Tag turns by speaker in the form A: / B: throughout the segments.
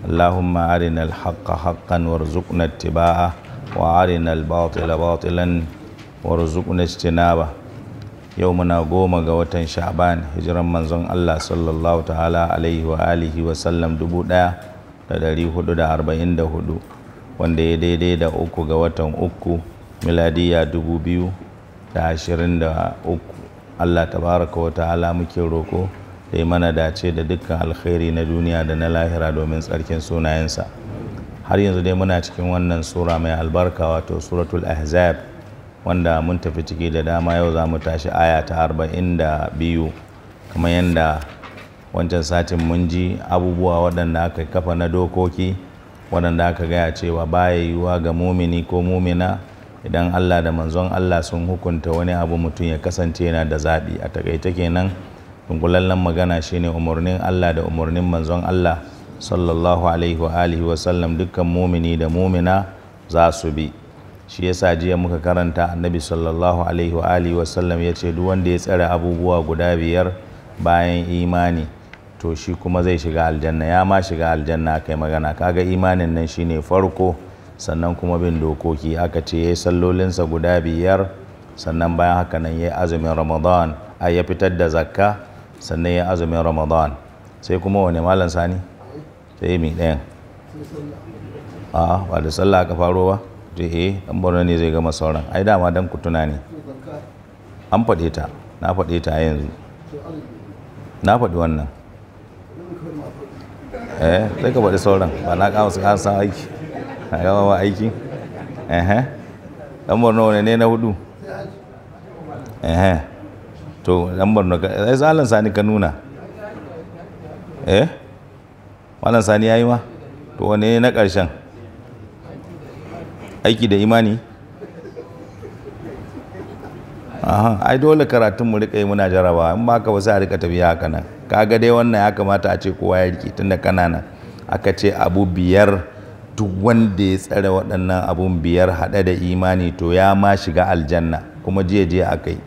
A: اللهم أرنا الحق حقا وارزقنا اتباعه وأرنا الباطل باطلا وارزقنا اجتنابه يوم نقوم قوتا شعبان هجرا من زن الله صلى الله تعالى عليه وآله وسلم دبودا لدري حدود أربعين دهدو wanda ya دي دي uku ga watan uku miladiya dubu biyu da ashirin da uku allah tabaraka wa ta'ala muke da yi mana dace da dukkan alkhairi na duniya da na lahira domin tsarkin sunayensa har yanzu dai muna cikin wannan sura mai albarka wato suratul ahzab wanda mun tafi ciki da dama yau za mu tashi aya ta arba'in da biyu kamar yadda wancan satin mun ji abubuwa waɗanda aka kafa na dokoki waɗanda aka gaya cewa baya yiwuwa ga mumini ko mumina idan allah da manzon allah sun hukunta wani abu mutum ya kasance yana da zaɓi a taƙaita kenan dunkulallen magana shine umarnin Allah da umarnin manzon Allah sallallahu alaihi wa alihi wa dukkan mumini da mumina za su bi shi yasa jiya muka karanta annabi sallallahu alaihi wa alihi wa ya ce duk wanda ya tsare abubuwa guda biyar bayan imani to shi kuma zai shiga aljanna ya ma shiga aljanna kai magana kaga imanin nan shine farko sannan kuma bin dokoki aka ce yayi sallolinsa guda biyar sannan bayan haka nan yayi azumin ramadan a ya fitar da zakka sannan ya azumin ramadan sai kuma wane malam sani sai mi ɗayan a ba da sallah aka faro ba to eh dan borno ne zai gama sauran ai dama dan tuna ne an faɗe ta na faɗe ta yanzu na faɗi wannan eh sai ka faɗi sauran ba na kawo su kasa aiki na gama ba aiki eh dan borno ne na hudu eh to na ka, ai zalan sani ka nuna eh wannan sani yayi ma to wane na karshen aiki da imani aha ai dole karatun mu rika yi muna jaraba in ba ka ba sai rika tafiya haka nan kaga dai wannan ya kamata a ce kowa ya rike tunda kanana aka ce abu biyar duk wanda ya tsare waɗannan abun biyar haɗe da imani to ya ma shiga aljanna kuma jiya jiya akai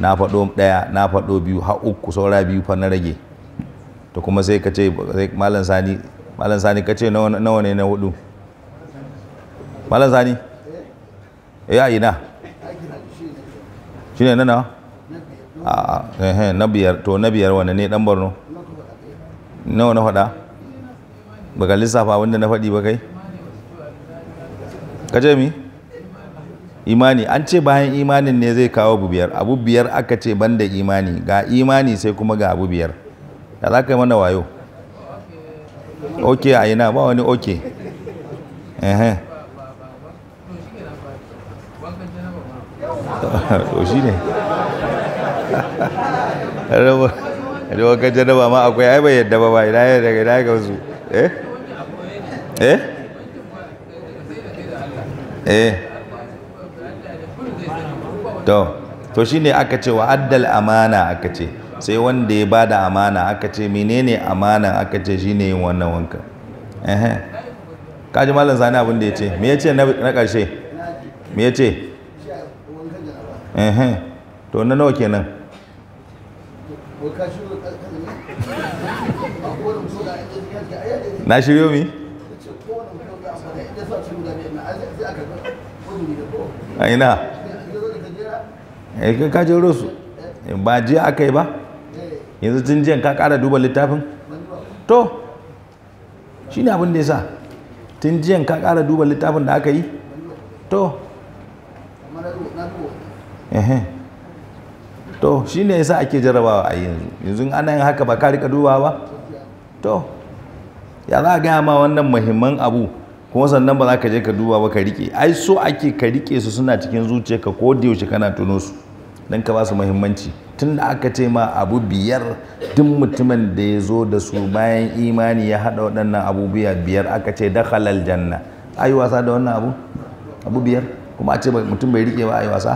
A: na faɗo ɗaya na faɗo biyu har uku saura biyu fa na rage to kuma sai ka ce malam sani malam sani ka ce nawa ne na hudu malam sani ya eh, ina shi ne nana a a na biyar to na biyar wane ne dan borno nawa na faɗa baka lissafa wanda na faɗi ba kai ka ce mi imani an ce bayan imanin ne zai kawo abu biyar abu biyar aka ce banda imani ga imani sai kuma ga abu biyar da za ka yi mana wayo oke a ina ba wani oke ok to shi ne rawakan janaba ma akwai ai bai yadda ba ba ina yi daga ina ga wasu eh eh eh to to shine aka ce wa addal amana aka ce sai wanda ya bada amana aka ce menene amana aka ce shine yin wannan wanka eh kaji malam sani abin da ya ce me yace na karshe me yace eh eh to na nawa kenan na shiryo mi a ina ya eh, kai ka jero su eh, ba jiya aka yi ba yanzu tun jiyan ka kara duba littafin to shi ne abin da ya sa tun jiyan ka kara duba littafin da aka yi to to shi ne ya sa ake jarabawa a yanzu yanzu ana yin haka ba ka rika duba ba to ya za a gaya ma wannan muhimman abu kuma sannan ba za ka je ka duba ba ka rike ai so ake ka rike su suna cikin zuciyarka ko da yaushe kana tuno su don ka ba su muhimmanci tun da aka ce ma abu biyar duk mutumin da ya zo da su bayan imani ya haɗa waɗannan abubuwa biyar aka ce da halal janna a yi wasa da wannan abu abu biyar kuma a ce mutum bai riƙe ba a yi wasa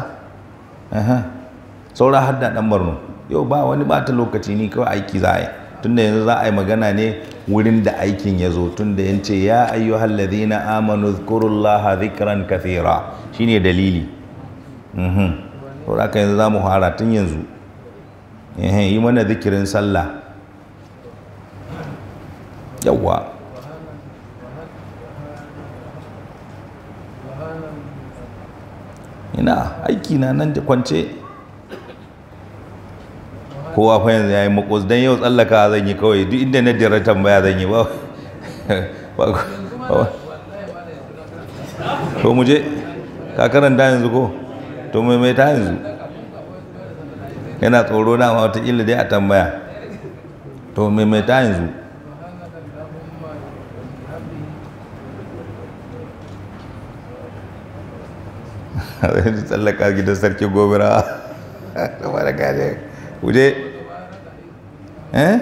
A: saura har da ɗan barno yau ba wani ta lokaci ni kawai aiki za a yi tunda yanzu za a yi magana ne wurin da aikin ya zo tunda yan ce ya ayyuhal ladina amanu zkurullaha dhikran kathira shine dalili mhm. saboda yanzu za mu fara tun yanzu yi mana zikirin sallah yawwa ina aiki na nan da kwance kowa fa yanzu ya yi makos don yau tsallaka zan yi kawai duk inda na dira tambaya zan yi ba to mu je ka karanta yanzu ko to mai mai ta yanzu yana tsoro na wata ila dai a tambaya to mai mai ta yanzu zai tsallaka gidan sarki gobira da mara gane wuje eh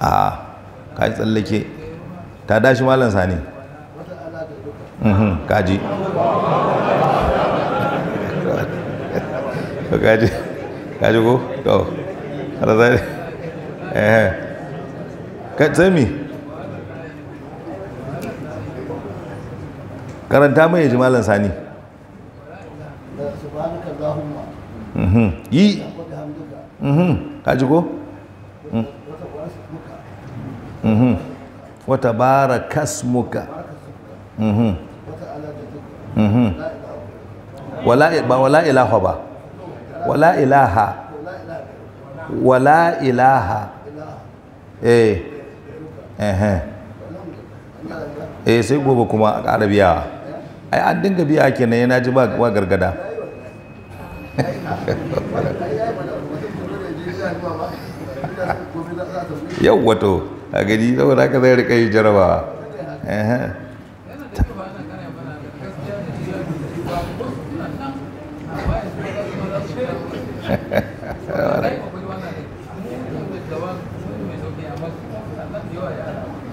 A: a ka tsallake ta dashi malansa ne Mhm. kaji kaji kaji ko to har zai eh ka tsami karanta mai ji malam sani mhm. yi mhm. kaji ko mm. wata bara kasmuka Mhm. ba wala ilaha ba
B: wala ilaha
A: wala ilaha eh eh sai gobe kuma a arabiya ai an dinga biya kenan yana ji ba gargada yau wato a gani saboda ka zai rika yi jarabawa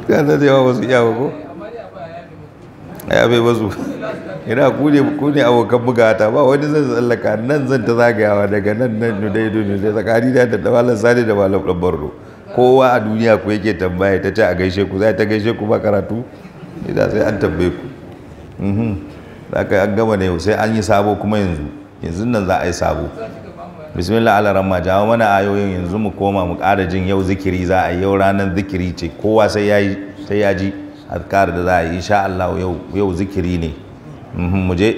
A: kanta da yawa ba su iya ba ko ya bai basu ina kune kune abokan bugata ba wani zan tsallaka nan zan ta zagayawa daga nan nan nu dai tsakani da da malam sani da malam dan barro kowa a duniya ku yake tambaya ta ce a gaishe ku za ta gaishe ku ba karatu idan sai an tambaye ku mhm zaka an gama ne sai an yi sabo kuma yanzu yanzu nan za a yi sabo bismillah ala ramma jawo mana ayoyin yanzu mu koma mu ƙara jin yau zikiri za a yau ranar zikiri ce kowa sai ya sai ya ji azkar da za a yi insha Allah yau yau zikiri ne mhm, mu je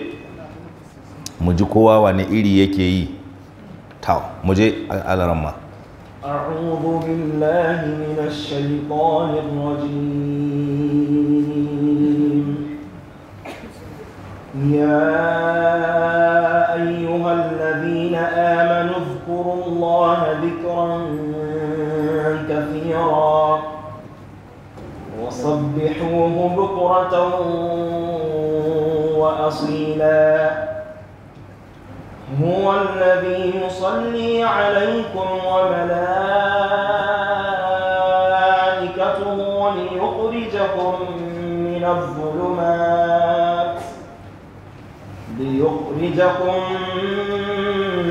A: mu ji kowa wani iri yake yi ta mu je ala ramma
B: a'udhu billahi minash shaitanir rajim يا أيها الذين آمنوا اذكروا الله ذكرا كثيرا وسبحوه بكرة وأصيلا هو الذي يصلي عليكم وملائكته ليخرجكم من الظلمات ليخرجكم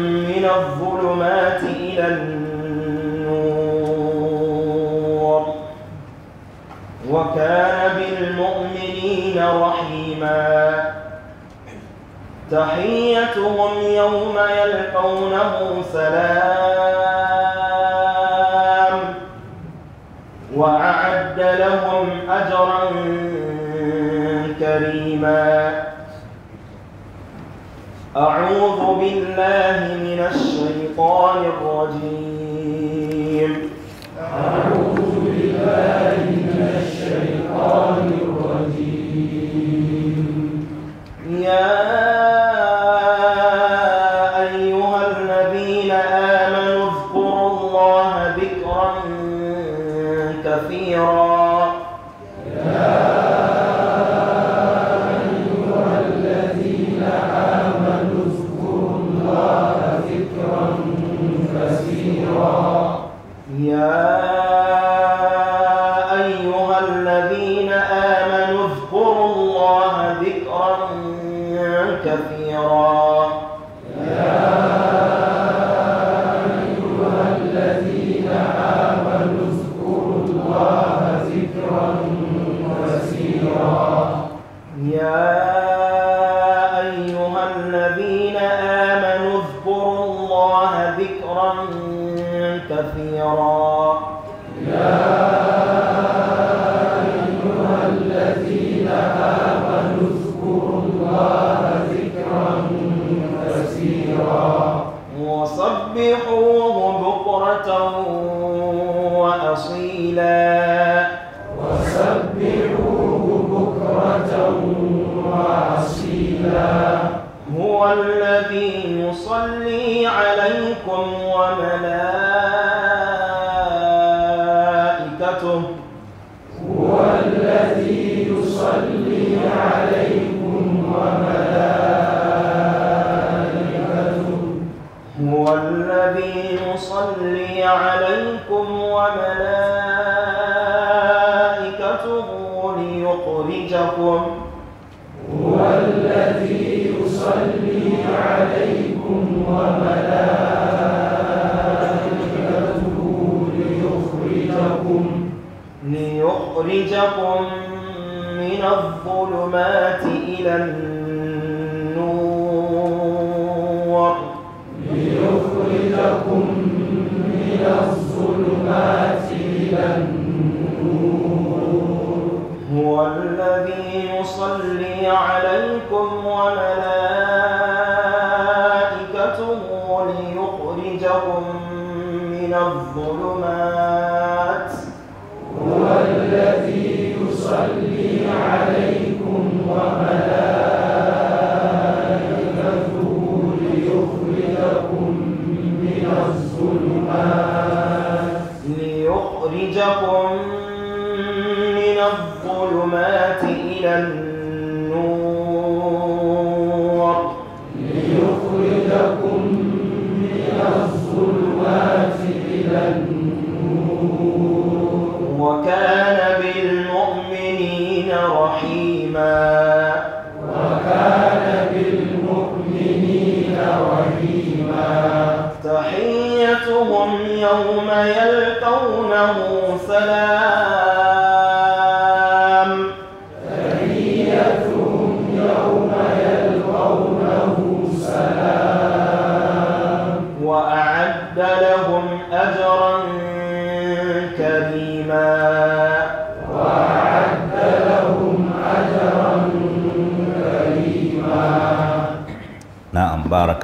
B: من الظلمات إلى النور وكان بالمؤمنين رحيما تحيتهم يوم يلقونه سلام وأعد لهم أجرا كريما أعوذ بالله من الشيطان الرجيم أعوذ بالله من الشيطان الرجيم يا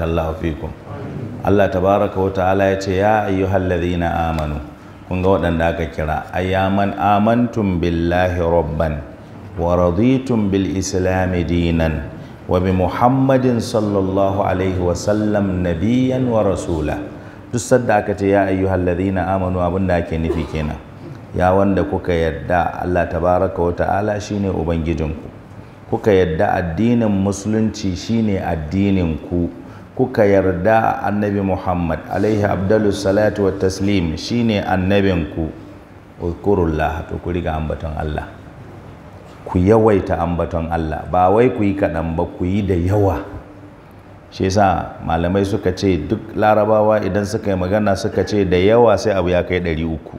A: barakallahu fikum Allah tabaraka wa ta'ala ya ce ya ayyuhallazina amanu kun ga waɗanda aka kira ayyaman amantum billahi rabban wa raditum bil islami dinan wa bi muhammadin sallallahu alaihi wa sallam nabiyan wa rasula duk sadda aka ce ya ayyuhallazina amanu abin da ake nufi kenan ya wanda kuka yadda Allah tabaraka wa ta'ala shine ubangijinku kuka yadda addinin musulunci shine addinin ku kuka yarda annabi Muhammad alaihi abdullu salatu wa taslim shine annabinku uzkurullah to ku riga ambaton Allah ku yawaita ambaton Allah ba wai ku yi kaɗan ba ku yi da yawa shi yasa malamai suka ce duk larabawa idan suka yi magana suka ce da yawa sai abu ya kai ɗari uku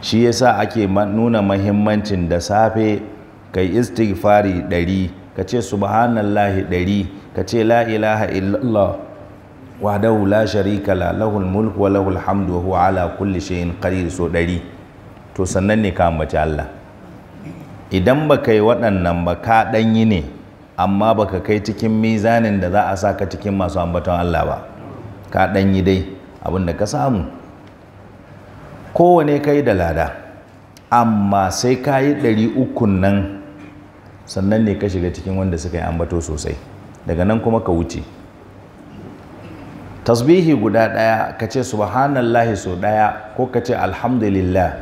A: shi yasa ake nuna mahimmancin da safe kai istighfari ɗari ka ce subhanallahi ɗari ka ce la ilaha illallah wahdahu la sharika la lahul mulku wa lahul hamdu wa huwa ala kulli shay'in qadir so ɗari to sannan ne ka ambaci Allah idan baka yi waɗannan ba ka ɗanyi ne amma baka kai cikin mizanin da za a sa ka cikin masu ambaton Allah ba ka ɗanyi dai abin da ka samu kowane kai da lada amma sai ka yi ɗari ukun nan sannan ne ka shiga cikin wanda suka yi ambato sosai daga nan kuma ka wuce tasbihi guda ɗaya ka ce subhanallahi so ɗaya ko ka ce alhamdulillah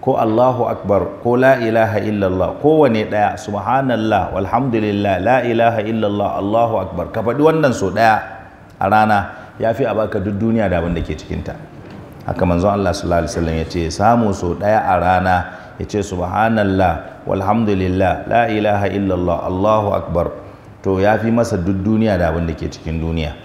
A: ko allahu akbar ko la ilaha illallah kowane ɗaya subhanallah walhamdulillah la ilaha illallah allahu akbar ka faɗi wannan so ɗaya a rana ya fi a baka duk duniya da abin da ke cikinta haka manzon Allah sallallahu alaihi wasallam ya ce samu so ɗaya a rana ya ce subhanallah walhamdulillah la ilaha illallah allahu akbar to ya fi masa duk duniya da abin da ke cikin duniya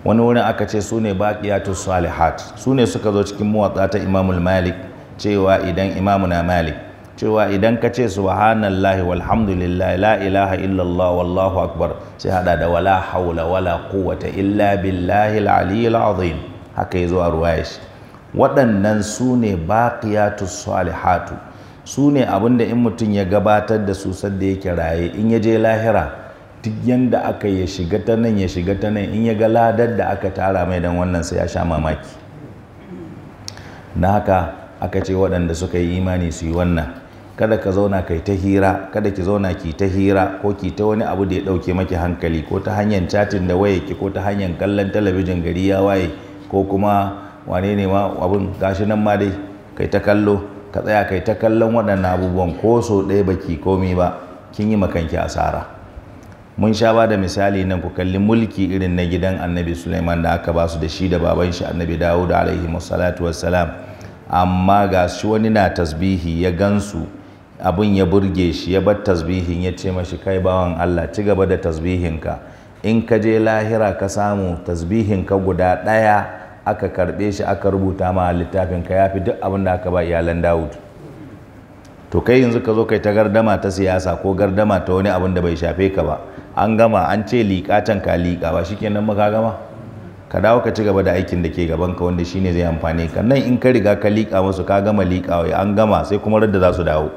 A: wani wurin aka ce su ne baƙiyatu salihat su ne suka zo cikin muwatsa ta imamul malik cewa idan imamuna malik cewa idan ka ce subhanallahi walhamdulillah la ilaha illallah wallahu akbar sai hada da wala haula wala quwwata illa billahi aliyyil azim haka yazo a ruwaya shi waɗannan su ne baqiyatu salihatu su ne abin da in mutum ya gabatar da su sadda yake raye in ya je lahira duk yadda aka ya shiga ta nan ya shiga ta nan in ya ga ladar da aka tara mai don wannan sai ya sha mamaki na haka aka ce waɗanda suka yi imani su yi wannan kada ka zauna kai ta hira kada ki zauna ki ta hira ko ki ta wani abu da ya ɗauke maki hankali ko ta hanyar chatin da waye ki ko ta hanyar kallon talabijin gari ya waye ko kuma wane ne ma abun gashi nan ma dai kai ta kallo ka tsaya kai ta kallon waɗannan abubuwan ko so ɗaya baki komi ba kin yi makanki asara mun sha ba da misali nan ku kalli mulki irin na gidan annabi suleiman da aka ba su da shi da baban shi annabi Dawud alaihi wassalatu wassalam amma ga shi wani na tasbihi ya gansu abin ya burge shi ya bar tasbihin ya ce mashi kai bawan Allah ci gaba da tasbihinka in ka je lahira ka samu tasbihinka guda ɗaya aka karɓe shi aka rubuta ma littafin ka yafi duk abin da aka ba iyalan Dawud to kai yanzu ka zo kai ta gardama ta siyasa ko gardama ta wani abin da bai shafe ka ba an gama an ce liƙa can ka liƙa ba shikenan ka gama ka dawo ka ci gaba da aikin da ke gaban ka wanda shine zai amfane ka nan in ka riga ka liƙa musu ka gama liƙawa an gama sai kuma radda za su dawo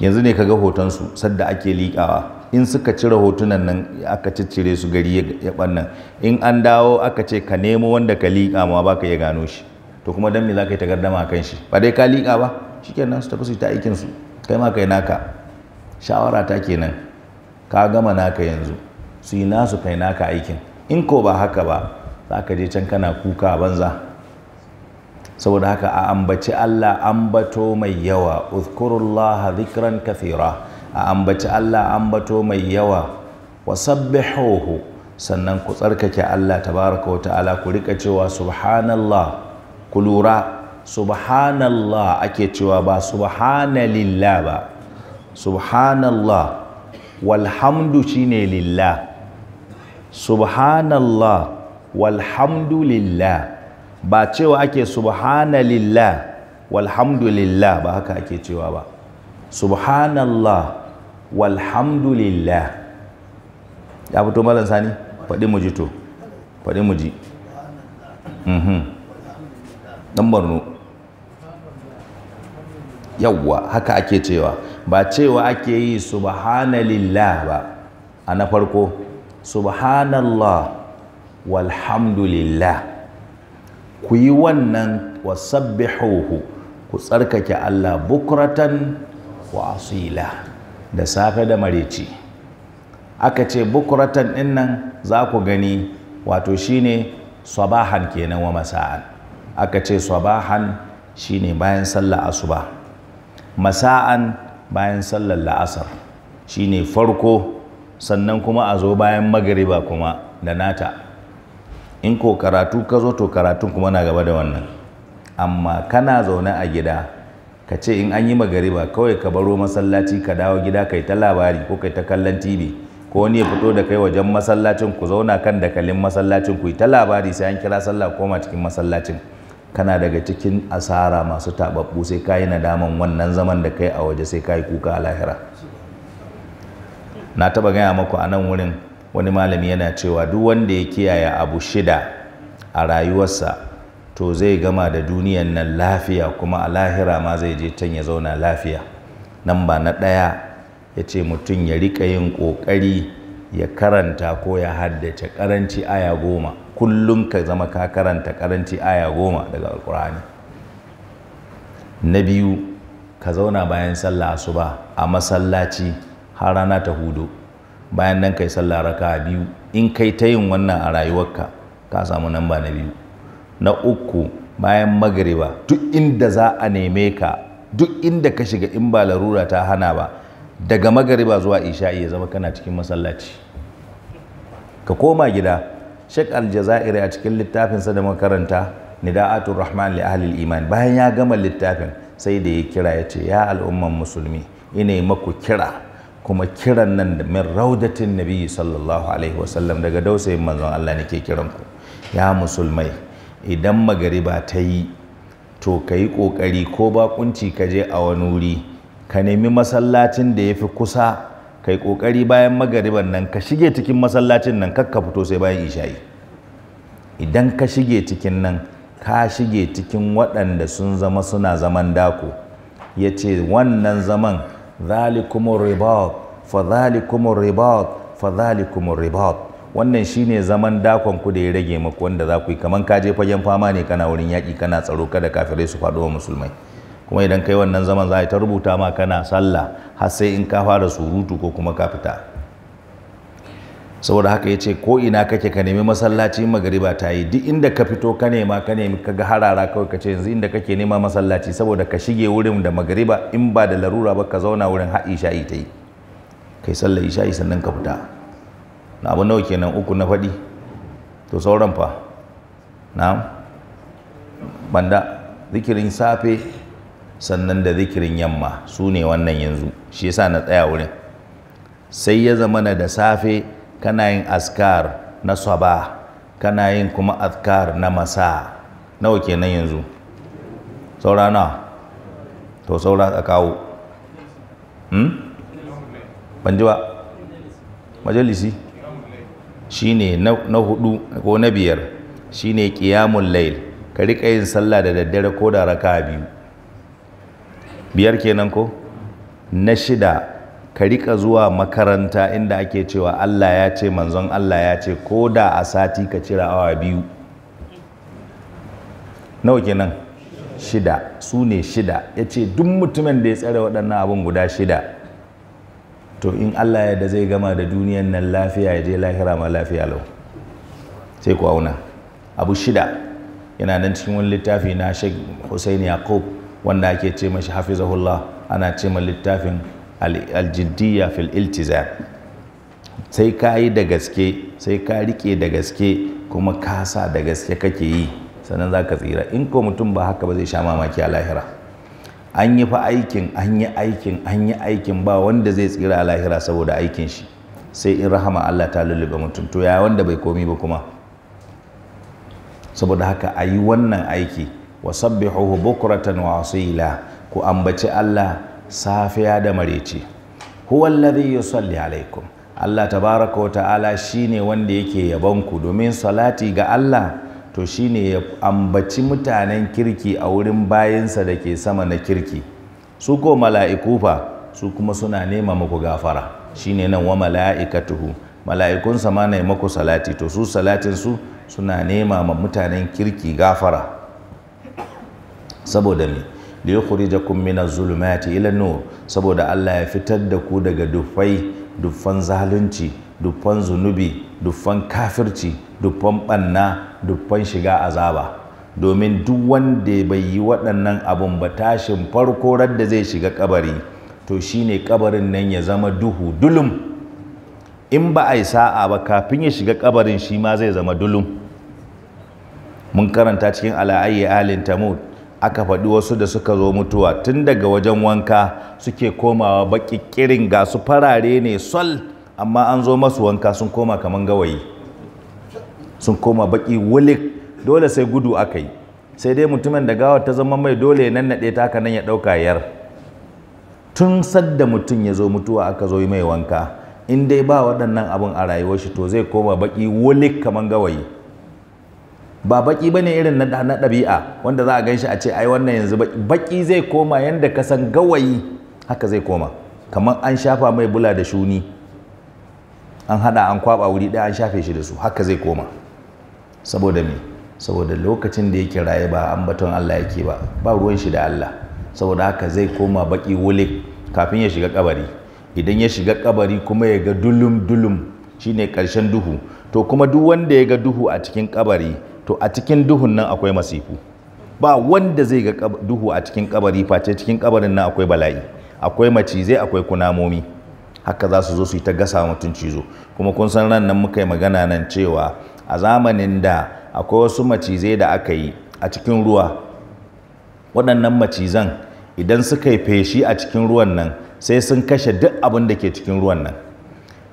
A: yanzu ne ka ga hoton su sadda ake liƙawa in suka cire hotunan nan aka ciccire su gari ya ɓannan in an dawo aka ce ka nemo wanda ka liƙa ma baka ya gano shi to kuma dan me za ka yi tagardama kan shi ba dai ka liƙa ba shikenan su tafi su ta aikin su kai ma kai naka shawara ta kenan ka gama naka yanzu su yi nasu kai naka aikin in ko ba haka ba za ka je can kana kuka banza saboda haka a ambaci Allah ambato mai yawa uzkurullaha zikran kathira a ambaci Allah ambato mai yawa wa sabbihuhu sannan ku tsarkake Allah tabaraka wa ta'ala ku rika cewa subhanallah ku lura subhanallah ake cewa ba subhanalillah ba subhanallah walhamdu shine lillah subhanallah walhamdulillah ba cewa ake walhamdu walhamdulillah ba haka ake cewa ba subhanallah walhamdulillah ya fito malam sani faɗi mu ji to faɗi mu ji ɗan mhm. yawwa haka ake cewa ba cewa ake yi subhanallah ba a na farko subhanallah walhamdulillah ku yi wannan wasabbihuhu ku tsarkake Allah bukratan wa asila da safe da mareci aka ce bukuratan din nan za ku gani wato shine sabahan kenan wa masa'an aka ce sabahan shine bayan sallah asuba masa'an bayan sallar la'asar shine farko sannan kuma a zo bayan magariba kuma da nata in ko karatu ka zo to karatun kuma na gaba da wannan amma kana zaune a gida ka ce in an yi magariba kawai ka baro masallaci ka dawo gida kai ta labari ko kai ta kallon tv ko wani ya fito da kai wajen masallacin ku zauna kan dakalin masallacin ku yi ta labari sai an kira sallah koma cikin masallacin kana daga cikin asara masu taɓaɓɓu sai ka yi nadaman wannan zaman da kai a waje sai ka yi kuka a lahira na taɓa gaya maku a nan wurin wani malami yana cewa duk wanda ya kiyaye abu shida a rayuwarsa to zai gama da duniyan nan lafiya kuma a lahira ma zai je can ya zauna lafiya nan ba na ɗaya ya ce mutum ya riƙa yin ƙoƙari ya karanta ko ya haddace karanci aya goma kullum ka zama ka karanta karanci aya goma daga alkur'ani na biyu ka zauna bayan sallah asuba a masallaci har rana ta hudu bayan nan kai sallah raka biyu in kai ta yin wannan a rayuwarka ka samu namba na biyu na uku bayan magariba duk inda za a neme ka duk inda ka shiga in ba larura ta hana ba daga magariba zuwa isha'i ya zama kana cikin masallaci ka koma gida shek aljaza'ir a cikin littafinsa da makaranta nida'atul rahman li ahlil iman bayan ya gama littafin sai da ya kira ya ce ya al'umman musulmi ina yi maku kira kuma kiran nan da min raudatin nabiyyi sallallahu alaihi wasallam daga dausayin manzon Allah nake kiranku ya musulmai idan magariba ta yi to ka yi ƙoƙari ko bakunci ka je a wani wuri ka nemi masallacin da ya fi kusa ka yi ƙoƙari bayan magariban nan ka shige cikin masallacin nan kar ka fito sai bayan isha'i idan ka shige cikin nan ka shige cikin waɗanda sun zama suna zaman dako ya ce wannan zaman zalikumun ribat fa zalikumun ribat fa zalikumun wannan shine zaman dakon ku da ya rage muku wanda za ku yi Kamar ka je fagen fama ne kana wurin yaƙi kana tsaro kada kafirai su faɗo wa musulmai kuma idan kai wannan zaman za a yi ta rubuta ma kana sallah har sai in ka fara surutu ko kuma ka fita saboda haka ya ce ko ina kake ka nemi masallaci magariba ta yi duk inda ka fito ka nema ka nemi ka ga harara kawai ka ce yanzu inda kake nema masallaci saboda ka shige wurin da magariba in ba da larura ba ka zauna wurin har isha'i ta yi kai sallar isha'i sannan ka fita na abu nawa kenan uku na faɗi to sauran fa na banda zikirin safe sannan da zikirin yamma su ne wannan yanzu shi yasa na tsaya wurin sai ya na da safe kana yin askar na saba kana yin kuma askar na masa nawa kenan yanzu saura na to saura a kawo hmm? ban ji ba majalisi Shi ne na hudu ko na biyar Shi ne ƙiyamun lail ka riƙa yin sallah da daddare ko da raka biyu biyar kenan ko na shida ka riƙa zuwa makaranta inda ake cewa Allah ya ce manzon Allah ya ce ko da a sati ka cira awa biyu nawa kenan shida su ne shida ya ce duk mutumin da ya tsare waɗannan abin guda shida to in Allah ya da zai gama da duniyan nan lafiya ya je lahira ma lafiya lau sai ku auna abu shida yana nan cikin wani littafi na Sheikh Hussein Yaqub wanda ake ce mashi hafizahullah ana ce ma littafin aljiddiya fil iltizam sai ka yi da gaske sai ka rike da gaske kuma kasa da gaske kake yi sannan za ka tsira in ko mutum ba haka ba zai sha mamaki a lahira an yi fa aikin an yi aikin an yi aikin ba wanda zai tsira a lahira saboda aikin shi sai in rahama Allah ta lullube mutum to ya wanda bai komi ba kuma saboda haka a yi wannan aiki wa sabbihuhu bukratan wa asila ku ambaci Allah safiya da marece huwa alladhi yusalli alaikum Allah tabaraka wa ta'ala ne wanda yake yabon ku domin salati ga Allah to shi ne ya ambaci mutanen kirki a wurin bayansa da ke sama na kirki su ko mala'iku fa su kuma suna nema muku gafara Shi ne nan wa mala'ika tuhu. mala'ikunsa ma na maku salati to su salatinsu suna nema ma mutanen kirki gafara saboda ne da ya kurija kummina zulmati ila saboda Allah ya fitar da ku daga dufai dufan zalunci dufan zunubi duffan kafirci duffan ɓanna duffan shiga azaba domin duk wanda bai yi waɗannan abun ba tashin farko radda zai shiga kabari to shine kabarin nan ya zama duhu dulum in ba a yi sa'a ba kafin ya shiga kabarin shi ma zai zama dulum mun karanta cikin ala'ayi alin tamud aka faɗi wasu da suka zo mutuwa tun daga wajen wanka suke komawa baƙi ƙirin ga su farare ne sol amma an zo masu wanka sun koma kaman gawayi sun koma baki wulik dole sai gudu aka yi sai dai mutumin da gawar ta zama mai dole ya nannaɗe ta haka nan ya ɗauka yar tun sadda mutum ya zo mutuwa aka zo yi mai wanka in dai ba waɗannan abin a rayuwar shi to zai koma baki wulik kaman gawayi ba baki ba ne irin na ɗabi'a wanda za a gan shi a ce ai wannan yanzu baki zai koma yanda ka san gawayi haka zai koma kamar an shafa mai bula da shuni an hada an kwaba wuri ɗaya an shafe shi da su haka zai koma saboda me saboda lokacin da yake raye ba an ambaton Allah yake ba ba ruwan shi da Allah saboda haka zai koma baki wule kafin ya shiga kabari idan ya shiga kabari kuma ya ga dulum dulum shine karshen duhu to kuma duk wanda ya ga duhu a cikin kabari to a cikin duhun nan akwai masifu ba wanda zai ga duhu a cikin kabari face cikin kabarin nan akwai bala'i akwai macizai akwai kunamomi haka za su zo su yi ta gasa mutum cizo kuma kun san ran nan muka yi magana nan cewa a zamanin da akwai wasu macizai da aka yi a cikin ruwa waɗannan macizan idan suka yi feshi a cikin ruwan nan sai sun kashe duk abin da ke cikin ruwan nan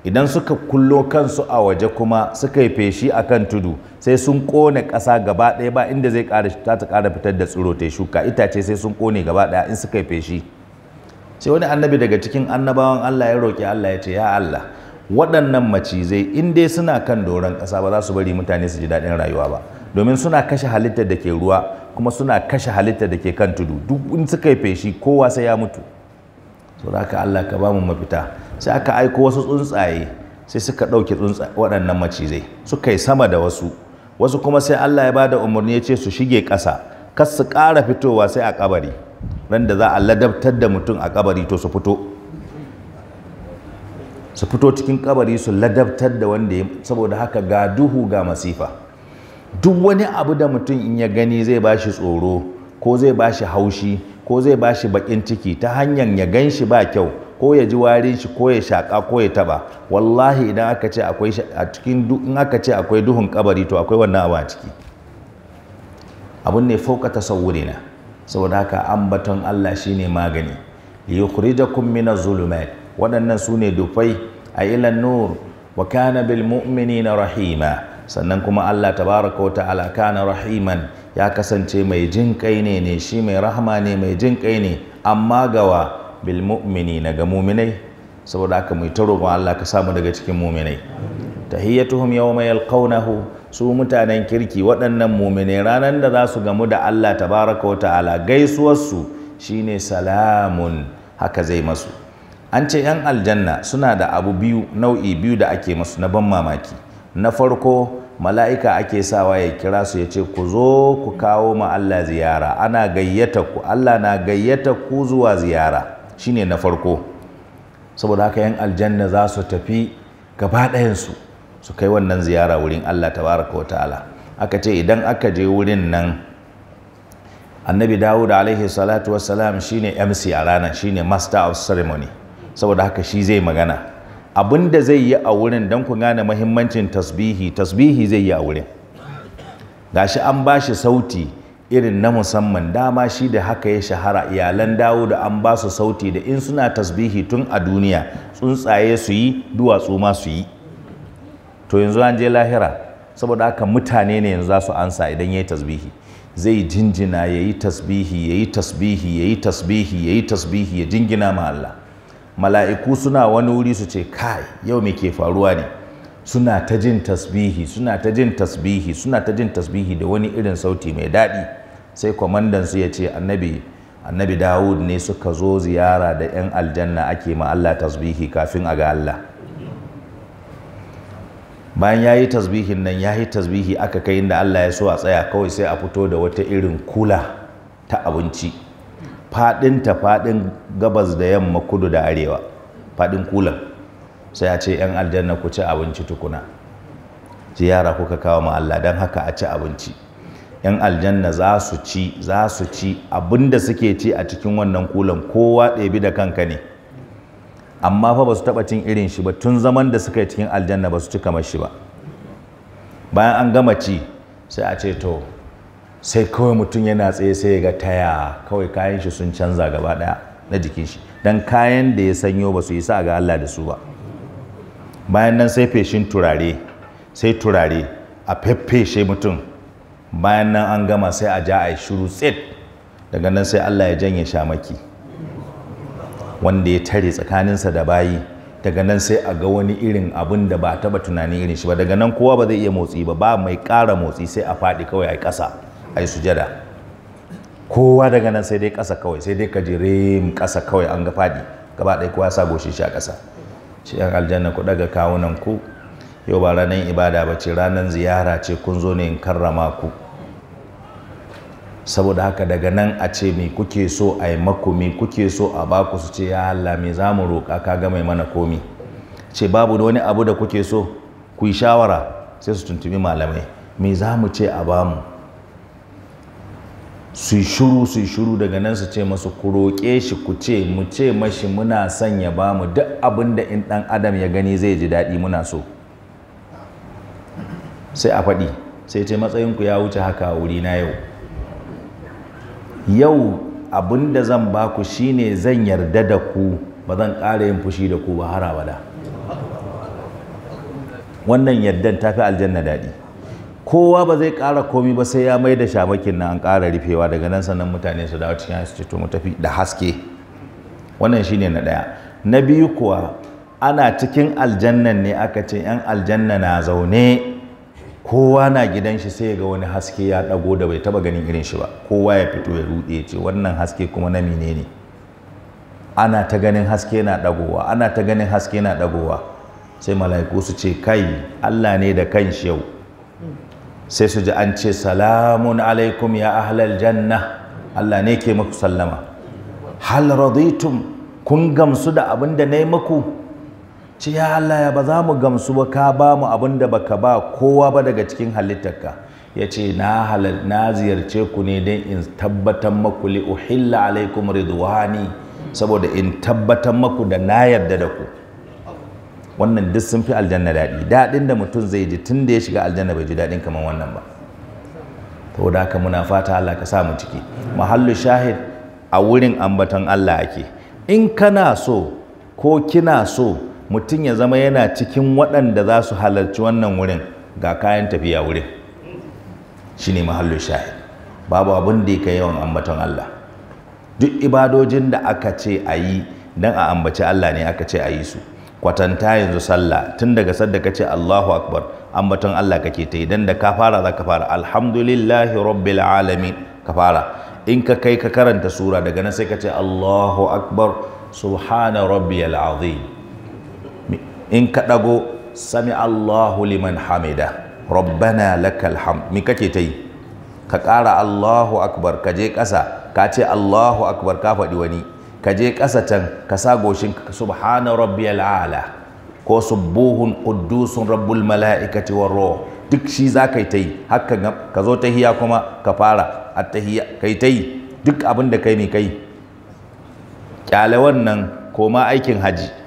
A: idan suka kullo kansu a waje kuma suka yi feshi a kan tudu sai sun kone ƙasa gaba ɗaya ba inda zai ta ƙara fitar da tsiro ta shuka itace sai sun kone gaba ɗaya in suka yi feshi sai wani annabi daga cikin annabawan Allah ya roƙi Allah ya ce ya Allah waɗannan macizai in dai suna kan doron ƙasa ba za su bari mutane su ji daɗin rayuwa ba domin suna kashe halittar da ke ruwa kuma suna kashe halittar da ke kan tudu duk in suka yi feshi kowa sai ya mutu so haka Allah ka ba mu mafita sai aka aiko wasu tsuntsaye sai suka ɗauke waɗannan macizai suka yi sama da wasu wasu kuma sai Allah ya ba da umarni ya ce su shige ƙasa kas su ƙara fitowa sai a ƙabari. randa za a ladabtar da mutum a kabari to su fito su fito cikin kabari su ladabtar da wanda ya saboda haka ga duhu ga masifa duk wani abu da mutum in ya gani zai bashi tsoro ko zai bashi haushi ko zai bashi bakin ciki ta hanyar ya gan shi ba kyau ko ya ji warin shi ko ya shaka ko ya taba wallahi idan aka ce akwai in aka ce akwai duhun kabari to akwai wannan abu a ciki abun ne fauka tasawurina saboda haka ambaton Allah shine magani liyukhrijakum na zulumat waɗannan sune dufai a ilan nur wa kana bil mu'minina rahima sannan kuma Allah tabaraka wa ta'ala kana rahiman ya kasance mai jin kai ne ne shi mai rahama ne mai jin kai ne amma gawa bil mu'minina ga mu'minai saboda haka mu ta roƙon Allah ka samu daga cikin mu'minai tahiyyatuhum yawma yalqawnahu su mutanen kirki waɗannan mumine ranar da za su gamu da Allah tabaraka wa ta'ala gaisuwarsu shine salamun haka zai masu an ce yan aljanna suna da abu biyu nau'i biyu da ake masu na ban mamaki na farko mala'ika ake sawa ya kira su ya ce ku zo ku kawo ma Allah ziyara ana gayyata ku Allah na gayyata ku zuwa ziyara shine na farko saboda haka yan aljanna za su tafi gaba ɗayansu su kai wannan ziyara wurin Allah tabaraka ta'ala aka ce idan aka je wurin nan annabi dawud alaihi salatu wassalam shine mc a ranar shine master of ceremony saboda haka shi zai magana abin da zai yi a wurin don ku gane mahimmancin tasbihi tasbihi zai yi a wurin gashi an ba shi sauti irin na musamman dama shi da haka ya shahara iyalan dawo an ba su sauti da in suna tasbihi tun a duniya tsuntsaye su yi duwatsu ma su yi to yanzu an je lahira saboda haka mutane ne yanzu za su ansa idan ya yi tasbihi zai jinjina ya yi tasbihi ya yi tasbihi ya yi tasbihi ya yi tasbihi ya jingina ma Allah mala'iku suna wani wuri su ce kai yau me ke faruwa ne suna ta jin tasbihi suna ta jin tasbihi suna ta jin tasbihi da wani irin sauti mai daɗi sai kwamandan su ya ce annabi annabi dawud ne suka zo ziyara da 'yan aljanna ake ma Allah tasbihi kafin a ga Allah bayan ya yi tasbihin nan ya yi tasbihi aka kai inda Allah ya so a tsaya kawai sai a fito da wata irin kula ta abinci faɗinta faɗin gabas da yamma kudu da arewa faɗin kula sai a ce 'yan aljanna ku ci abinci tukuna yara kuka kawo ma Allah don haka a ci abinci 'yan aljanna za su ci za su ci abinda suke ci a cikin wannan kulan kowa ɗebi da kanka ne amma fa ba su taɓa cin irin shi ba tun zaman da suka yi cikin aljanna ba su ci kamar shi ba bayan an gama ci sai a ce to sai kawai mutum yana tsaye sai ya ga taya kawai kayan shi sun canza gaba ɗaya na jikin shi don kayan da ya sanyo ba su yi sa ga Allah da su ba bayan nan sai feshin turare sai turare a feffeshe mutum bayan nan an gama sai a ja a yi shuru tsit daga nan sai Allah ya janye shamaki wanda ya tare tsakaninsa da bayi daga nan sai a ga wani irin abin da ba taba tunanin irin shi ba daga nan kowa ba zai iya motsi ba ba mai ƙara motsi sai a faɗi kawai a yi ƙasa a yi sujada kowa daga nan sai dai ƙasa kawai sai dai kajire rem ƙasa kawai an ga faɗi gaba ɗaya kowa sa goshin shi a ƙasa shi yan aljanna ku daga kawunan ku yau ba ranar ibada ba ce ranar ziyara ce kun zo ne in karrama ku saboda haka daga nan a ce me kuke so a yi maku me kuke so a baku su ce ya Allah me za mu roƙa ka ga mai mana komi ce babu da wani abu da kuke so ku yi shawara sai su tuntumi malamai me za mu ce a ba mu? su shuru su shuru daga nan su ce masu ku roƙe shi ku ce mu ce mashi muna son ya ba mu, duk abin da in ɗan adam ya gani zai ji daɗi muna so sai a faɗi sai ce matsayinku ya wuce haka a wuri na yau yau abin da zan ba ku shine zan yarda da ku ba zan ƙara yin fushi da ku ba har abada wannan yardan ta fi aljanna daɗi kowa ba zai ƙara komi ba sai ya mai da shamakin na an kara rufewa daga nan sannan mutane su dawo cikin haske to mu tafi da haske wannan shine na ɗaya na biyu kuwa ana cikin aljannan ne aka ce 'yan aljanna na zaune kowa na gidan shi sai ga wani haske ya dago da bai taba ganin irin shi ba kowa ya fito ya rude ya ce wannan haske kuma na mine ne ana ta ganin haske na dagowa ana ta ganin haske na dagowa sai mala'iku su ce kai Allah ne da kan shi yau sai su ji an ce salamun alaikum ya ahlal janna Allah ne ke muku sallama hal raditum kun gamsu da abin da na yi muku ce ya Allah ya ba za mu gamsu ba ka ba mu abin da baka ba kowa ba daga cikin halittarka ya ce na halal na ziyarce ku ne don in tabbatar maku li uhilla alaikum ridwani saboda in tabbatar maku da na yarda da ku wannan duk sun fi aljanna daɗi daɗin da mutum zai ji tun da ya shiga aljanna bai ji daɗin kamar wannan ba da haka muna fata Allah ka sa mu ciki mahallu shahid a wurin ambaton Allah ake in kana so ko kina so mutum ya zama yana cikin waɗanda za su halarci wannan wurin ga kayan tafiya wurin shi ne mahallin shahid babu abin da ya yawan ambaton Allah duk ibadojin da aka ce a yi don a ambaci Allah ne aka ce a yi su kwatanta yanzu sallah tun daga sadda ka ce Allahu akbar ambaton Allah kake ta idan da ka fara za ka fara alhamdulillahi rabbil alamin ka fara in ka kai ka karanta sura daga nan sai ka ce Allahu akbar subhana rabbiyal azim in ka ɗago sami Allahu liman hamida rabbana lakal ham mi kake ta yi ka ƙara Allahu akbar ka je ƙasa ka ce Allahu akbar ka faɗi wani ka je ƙasa can ka sa goshin ka subhana rabbiyal ala ko subuhun quddusun rabbul mala'ikati war ruh duk shi za ka yi ta yi haka ka zo ta tahiya kuma ka fara attahiya kai ta yi duk abin da kai mai kai kyale wannan koma aikin haji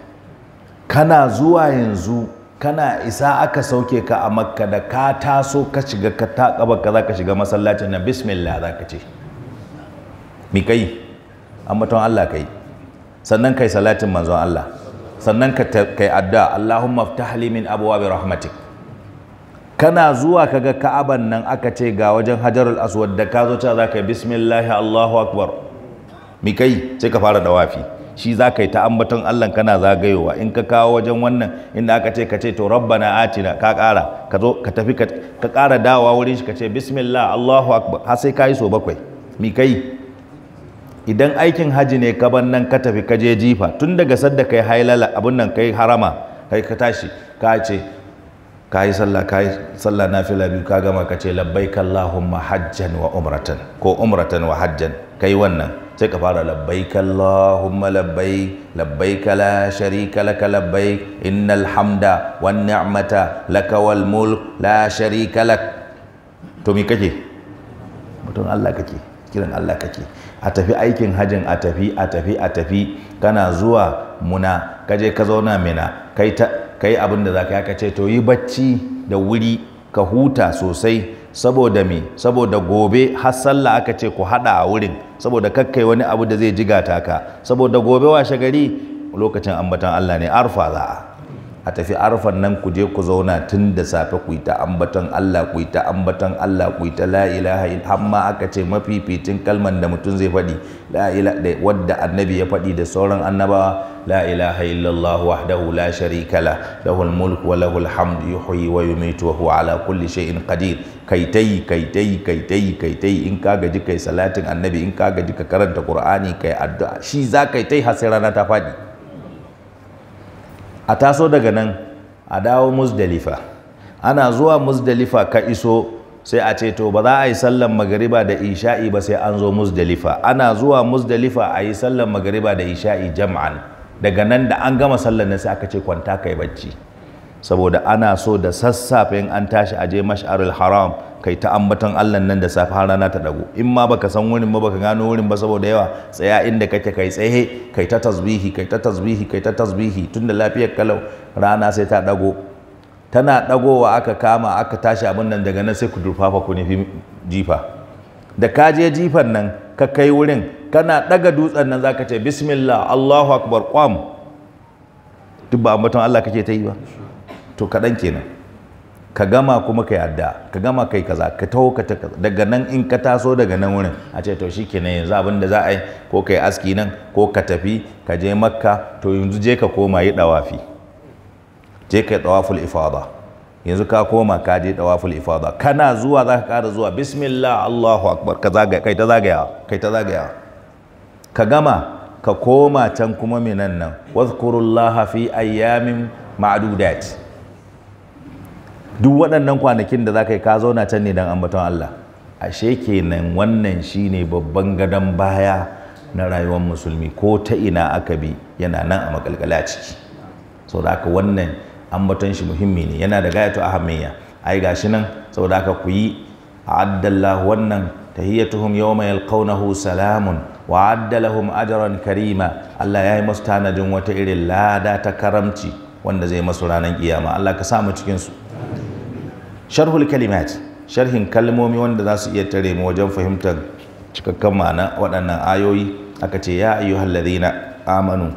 A: kana zuwa yanzu kana isa aka sauke ka a makka da ka taso ka shiga ka taƙaba ka za ka shiga masallacin na bismillah za ka ce mi kai ambaton Allah kai sannan kai salatin manzon Allah sannan ka kai adda Allahumma ftah li min abwabi rahmatik kana zuwa ka ga Ka'aban nan aka ce ga wajen Hajarul Aswad da ka zo ta za ka bismillah Allahu akbar mi kai sai ka fara dawafi shi za ka yi ta ambaton Allah kana zagayowa in ka kawo wajen wannan inda aka ce ka ce to rabbana atina ka ƙara ka zo ka tafi ka ƙara dawa wurin shi ka ce bismillah Allahu akbar har sai ka yi so bakwai mi kai idan aikin haji ne ka ban nan ka tafi ka je jifa tun daga sadda kai hailala abun nan kai harama kai ka tashi ka ce ka yi sallah ka yi sallah nafila biyu ka gama ka ce labbaik Allahumma hajjan wa umratan ko umratan wa hajjan kai wannan sai ka fara labbaik Allahumma labbaik labbaik la sharika laka labbaik innal hamda wan ni'mata laka wal mulk la sharika lak to me kake mutum Allah kake kiran Allah kake a tafi aikin hajin a tafi a tafi a tafi kana zuwa muna kaje ka zauna mina kai ta kai abin da zaka yi ka ce to yi bacci da wuri ka huta sosai saboda me saboda gobe har sallah aka ce ku hada a wurin saboda kakkai wani abu da zai jigata ka saboda gobe washe gari lokacin ambatan Allah ne arfa za'a a tafi arfan nan ku je ku zauna tun da safe ku yi ta ambaton Allah ku yi ta ambaton Allah ku yi ta la ilaha amma aka ce mafificin kalman da mutum zai faɗi la da wadda annabi ya faɗi da sauran annabawa la ilaha illallah wahdahu la sharika la lahul mulk wa lahul hamd yuhyi wa yumiitu wa huwa ala kulli shay'in qadir kai tai kai tai kai tai kai tai in ka gaji kai salatin annabi in ka gaji ka karanta qur'ani kai addu'a shi za kai tai har ta faɗi a taso daga nan a dawo musdalifa ana zuwa musdalifa ka iso sai a ce to ba za a yi sallan magariba da isha'i ba sai an zo musdalifa ana zuwa musdalifa a yi sallan magariba da isha'i jama'an daga nan da an gama sallan nan sai aka ce kwanta kai bacci saboda ana so da sassafe in an tashi a je mash'arul haram kai ta ambatan Allah nan da safe har rana ta dago in ma baka san wurin ba baka gano wurin ba saboda yawa tsaya inda kake kai tsaye kai ta tasbihi kai ta tasbihi kai ta tasbihi tunda lafiyar kalau rana sai ta dago tana dagowa aka kama aka tashi abin nan daga nan sai ku durfafa ku nufi jifa da ka je jifan nan ka kai wurin kana daga dutsen nan zaka ce bismillah Allahu akbar qam duk ba ambaton Allah kake ta yi ba to kaɗan kenan ka gama kuma ka yadda ka gama kai kaza ka taho ka daga nan in ka taso daga nan wurin a ce to shikenan yanzu abin da za a yi ko kai aski nan ko ka tafi ka je makka to yanzu je ka koma yi dawafi je ka yi dawaful ifada yanzu ka koma ka je dawaful ifada kana zuwa za ka kara zuwa bismillah allahu akbar ka zagaya kai ta zagaya kai ta zagaya ka gama ka koma can kuma minan nan wazkurullaha fi ayyamin ma'dudat duk waɗannan kwanakin da za ka yi ka zauna can ne don ambaton Allah ashe kenan wannan shine babban gadon baya na rayuwar musulmi ko ta ina aka bi yana nan a makalkala ciki saboda haka wannan ambaton shi muhimmi ne yana da gayatu ahammiya ai gashi nan saboda haka ku yi a'addallahu wannan tahiyyatuhum yawma yalqawnahu salamun wa addalahum ajran karima Allah ya yi masu tanadin wata irin lada ta karamci wanda zai masu ranar kiyama Allah ka samu cikin su sharhul kalimat sharhin kalmomi wanda za su iya tare mu wajen fahimtar cikakken ma'ana waɗannan ayoyi aka ce ya ayyuhal ladhina amanu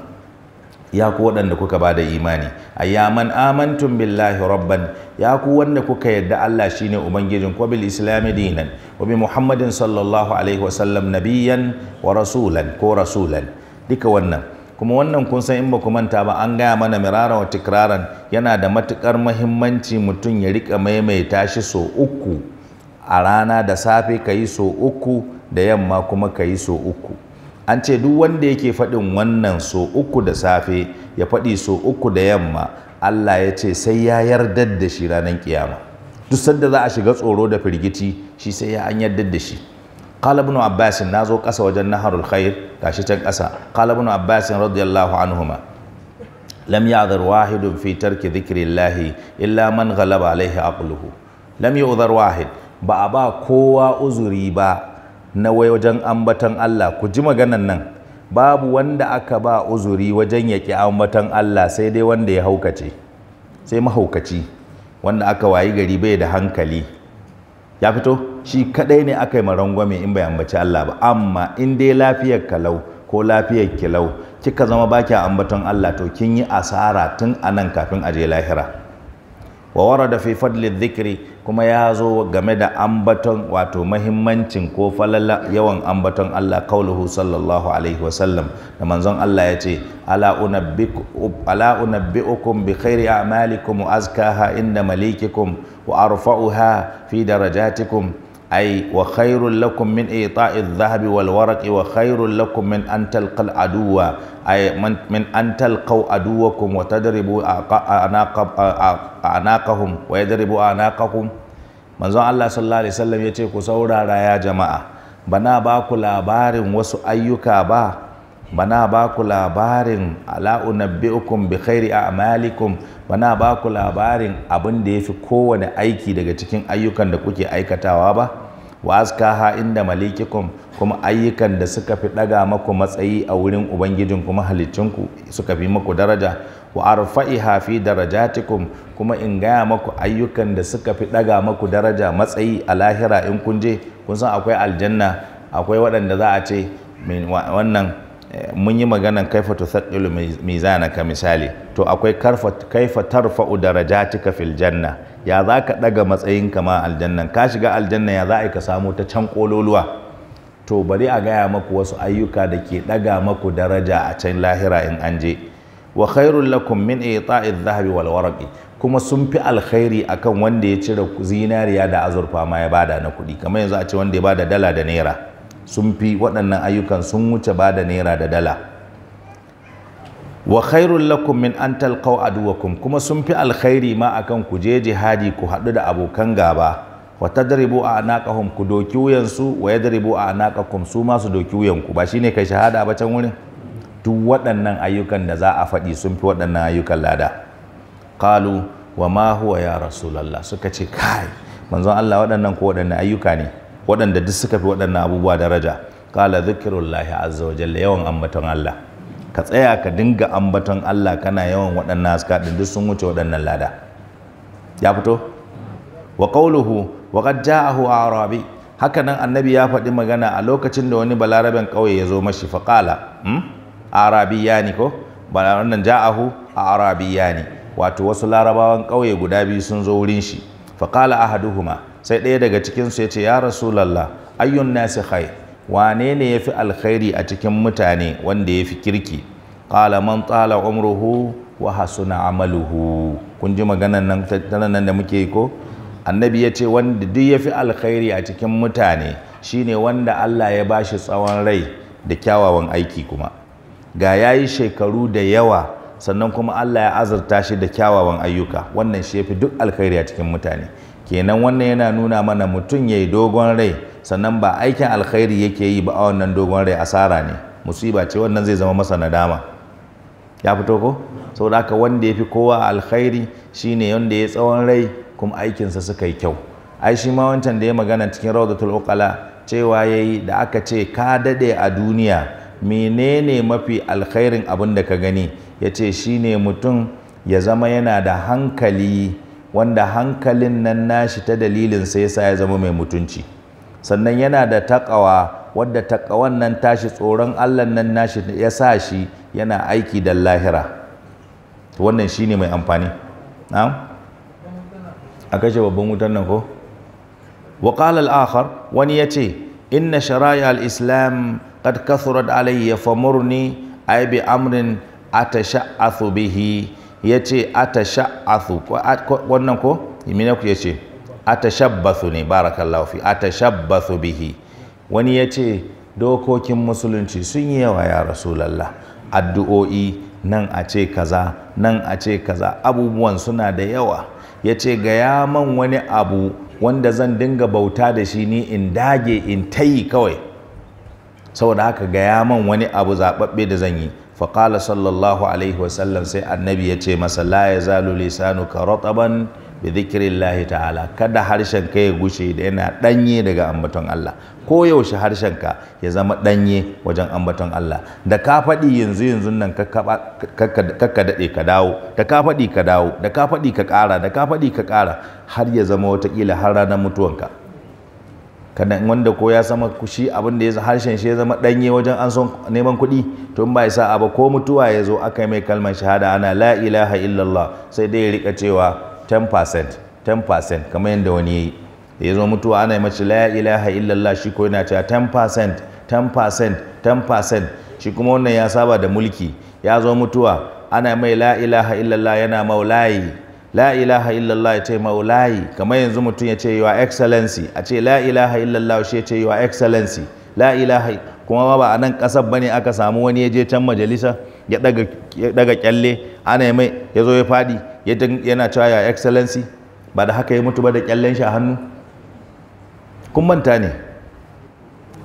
A: ya ku waɗanda kuka ba da imani ayyaman amantun billahi rabban ya ku wanda kuka yarda Allah shine ubangijin ko bil islami dinan wa bi muhammadin sallallahu alaihi wasallam nabiyan wa rasulan ko rasulan duka wannan kuma wannan kun san in ba ku manta ba an gaya mana miraran wa tikraran yana da matukar mahimmanci mutum ya rika maimaita shi so uku a rana da safe ka yi so uku da yamma kuma ka yi so uku an ce duk wanda yake faɗin wannan so uku da safe ya faɗi so uku da yamma Allah ya ce sai ya yarda da shi ranar kiyama duk sanda za a shiga tsoro da firgiti shi sai ya an yarda da shi qala ibn abbas na zo ƙasa wajen naharul khair gashi can ƙasa qala ibn abbas radiyallahu anhuma lam ya'dhar wahidun fi tarki dhikrillahi illa man ghalaba alaihi aqluhu lam yu'dhar wahid ba a ba kowa uzuri ba na wajen ambatan Allah ku ji maganan nan babu wanda aka ba uzuri wajen yaki ambatan Allah sai dai wanda ya haukace sai mahaukaci wanda aka wayi gari bai da hankali ya fito shi kaɗai ne aka yi marangwame in bai ambaci Allah ba amma in dai lafiyar kalau ko lafiyar kilau kika zama baki ambaton Allah to kin yi asara tun anan kafin a je lahira wa warada fi fadli dhikri kuma ya zo game da ambaton wato mahimmancin ko falala yawan ambaton Allah kauluhu sallallahu alaihi wasallam da manzon Allah ya ce ala unabbi'ukum bi khairi a'malikum wa azkaha inda malikikum wa arfa'uha fi darajatikum ai wa khairul lakum min ita'i dhahabi wal waraqi wa khairul lakum min an talqal aduwa min an talqaw aduwakum wa tadribu anaqahum wa yadribu Allah sallallahu alaihi wasallam yace ku saurara ya jama'a bana ba labarin wasu ayyuka ba bana ba ku labarin ala'unabbi'ukum bi khairi a'malikum bana ba ku labarin abin da ya fi kowane aiki daga cikin ayyukan da kuke aikatawa ba wa azkaha inda malikikum kuma ayyukan da suka fi daga maku matsayi a wurin ubangijin kuma halittunku suka fi maku daraja wa arfa'iha fi darajatikum kuma in gaya maku ayyukan da suka fi daga maku daraja matsayi a lahira in kun je kun san akwai aljanna akwai waɗanda za a ce wannan mun yi maganan kaifa tusaddilu ka misali to akwai kaifa daraja daraja fil janna ya za ka daga matsayin kama aljanna, ka shiga aljanna ya za a ka samu ta can kololuwa to bari a gaya maku wasu ayyuka da ke ɗaga maku daraja a can lahira in an je wa khairun lakum min ita'i zahabi wal waraqi kuma sun fi alkhairi akan wanda ya cire zinariya da azurfa ma ya bada na kuɗi kamar yanzu a ce wanda ya bada dala da naira sun fi waɗannan ayyukan sun wuce ba da naira da dala wa khairun lakum min an talqaw aduwakum kuma sun fi alkhairi ma akan ku je jihadi ku haɗu da abokan gaba wa tadribu a anaqahum ku doki wuyansu wa yadribu a anaqakum su ma doki wuyanku ba shine kai shahada ba can wurin duk waɗannan ayyukan da za a faɗi sun fi waɗannan ayyukan lada qalu wa ma huwa ya rasulallah suka ce kai manzon Allah waɗannan ko waɗannan ayyuka ne waɗanda duk suka fi waɗannan abubuwa daraja zikirun zikirullahi azza wa jalla yawan ambaton Allah ka tsaya ka dinga ambaton Allah kana yawan waɗannan aska duk sun wuce waɗannan lada ya fito wa qawluhu wa qad ja'ahu arabi haka nan annabi ya faɗi magana a lokacin da wani balaraben ƙauye ya zo mashi fa qala hmm? arabiyani ko ba wannan ja'ahu arabiyani wato wasu larabawan ƙauye guda biyu sun zo wurin shi fa qala ahaduhuma sai ɗaya daga cikinsu ya ce ya rasu, lalla. ayyun nasi khair wane ne ya fi alkhairi a cikin mutane wanda ya fi kirki ƙala man tsala umruhu wa hasuna amaluhu kun ji maganan nan tattalan nan da muke yi ko annabi ya ce wanda duk ya fi alkhairi a cikin mutane shine wanda Allah ya ba shi tsawon rai da kyawawan aiki kuma ga ya yi shekaru da yawa sannan kuma Allah ya azurta shi da kyawawan ayyuka wannan shi ya fi duk alkhairi a cikin mutane kenan wannan yana nuna mana mutum ya yi dogon rai sannan ba aikin alkhairi yake yi ba a wannan dogon rai asara ne musiba ce wannan zai zama masa nadama ya fito ko saboda haka wanda ya fi kowa alkhairi shine wanda ya tsawon rai kuma aikinsa suka yi kyau ai shi ma wancan da ya magana cikin rawdatul uqala cewa yayi da aka ce ka dade a duniya menene mafi alkhairin abin da ka gani ya ce shine mutum ya zama yana da hankali wanda hankalin nan nashi ta dalilin sai sa ya zama mai mutunci sannan yana da taƙawa wadda taƙawan nan tashi tsoron Allah nan nashi ya sa shi yana aiki da lahira wannan shine mai amfani na'am a kashe babban wutar nan ko wa akhar wani yace inna sharaya al-islam qad kathurat alayya famurni ay bi amrin atasha'athu bihi ya ce atasha'athu wannan ko imina ku ya ce atashabbathu ne barakallahu fi atashabbathu bihi wani ya ce dokokin musulunci sun yi yawa ya rasu lalla addu'o'i nan a ce kaza nan a ce kaza abubuwan suna da yawa ya ce gaya man wani abu wanda zan dinga bauta da shi ni in dage in tayi kawai saboda haka gaya man wani abu zaɓaɓɓe da zan yi faƙala sallallahu alaihi wasallam sai annabi ya ce masa la ya zalu lisanu ka rataban bi zikirillahi ta'ala kada harshen ka ya gushe da yana ɗanye daga ambaton Allah ko yaushe harshen ka ya zama ɗanye wajen ambaton Allah da ka faɗi yanzu yanzu nan ka daɗe ka dawo da ka faɗi ka dawo da ka faɗi ka ƙara da ka faɗi ka ƙara har ya zama watakila har ranar mutuwanka kadan wanda ko ya sama kushi abin da ya harshen shi ya zama danye wajen an son neman kuɗi to in ba sa abu ko mutuwa ya zo aka yi mai kalmar shahada ana la ilaha illallah sai dai ya rika cewa 10% 10% kamar yadda wani yayi da ya zo mutuwa ana yi mace la ilaha illallah shi ko yana cewa 10% 10% 10% shi kuma wannan ya saba da mulki ya zo mutuwa ana mai la ilaha illallah yana maulayi la ilaha illallah ya ce maulayi kamar yanzu mutum ya ce your excellency a ce la ilaha illallah shi ya ce your excellency la ilaha kuma ba a nan kasar bane aka samu wani ya je can majalisa ya daga kyalle ana mai ya zo ya fadi yana cewa your excellency ba da haka ya mutu ba da kyallen shi a hannu kun manta ne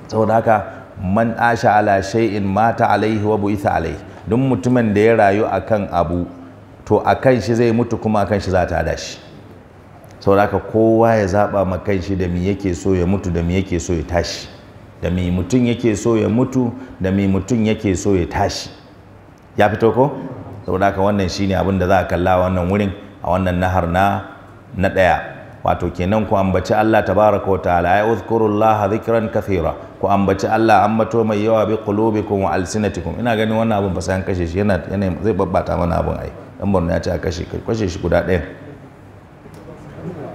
A: saboda haka man asha ala shay'in mata alaihi wa bu'itha alaihi duk mutumin da ya rayu akan abu to a kan shi zai mutu kuma a kan shi za ta hada shi saboda kowa ya zaba ma kan shi da me yake so ya mutu da me yake so ya tashi da me mutum yake so ya mutu da me mutum yake so ya tashi ya fito ko saboda haka wannan shine abin da za a kalla wannan wurin a wannan nahar na na daya wato kenan ku ambaci Allah tabaraka wa ta'ala ay uzkurullaha dhikran kathira ku ambaci Allah mato mai yawa bi qulubikum wa alsinatikum ina ganin wannan abin fa sai an kashe shi yana yana zai babbata mana abin ai dan borno ya ce a kashe kashe shi guda ɗaya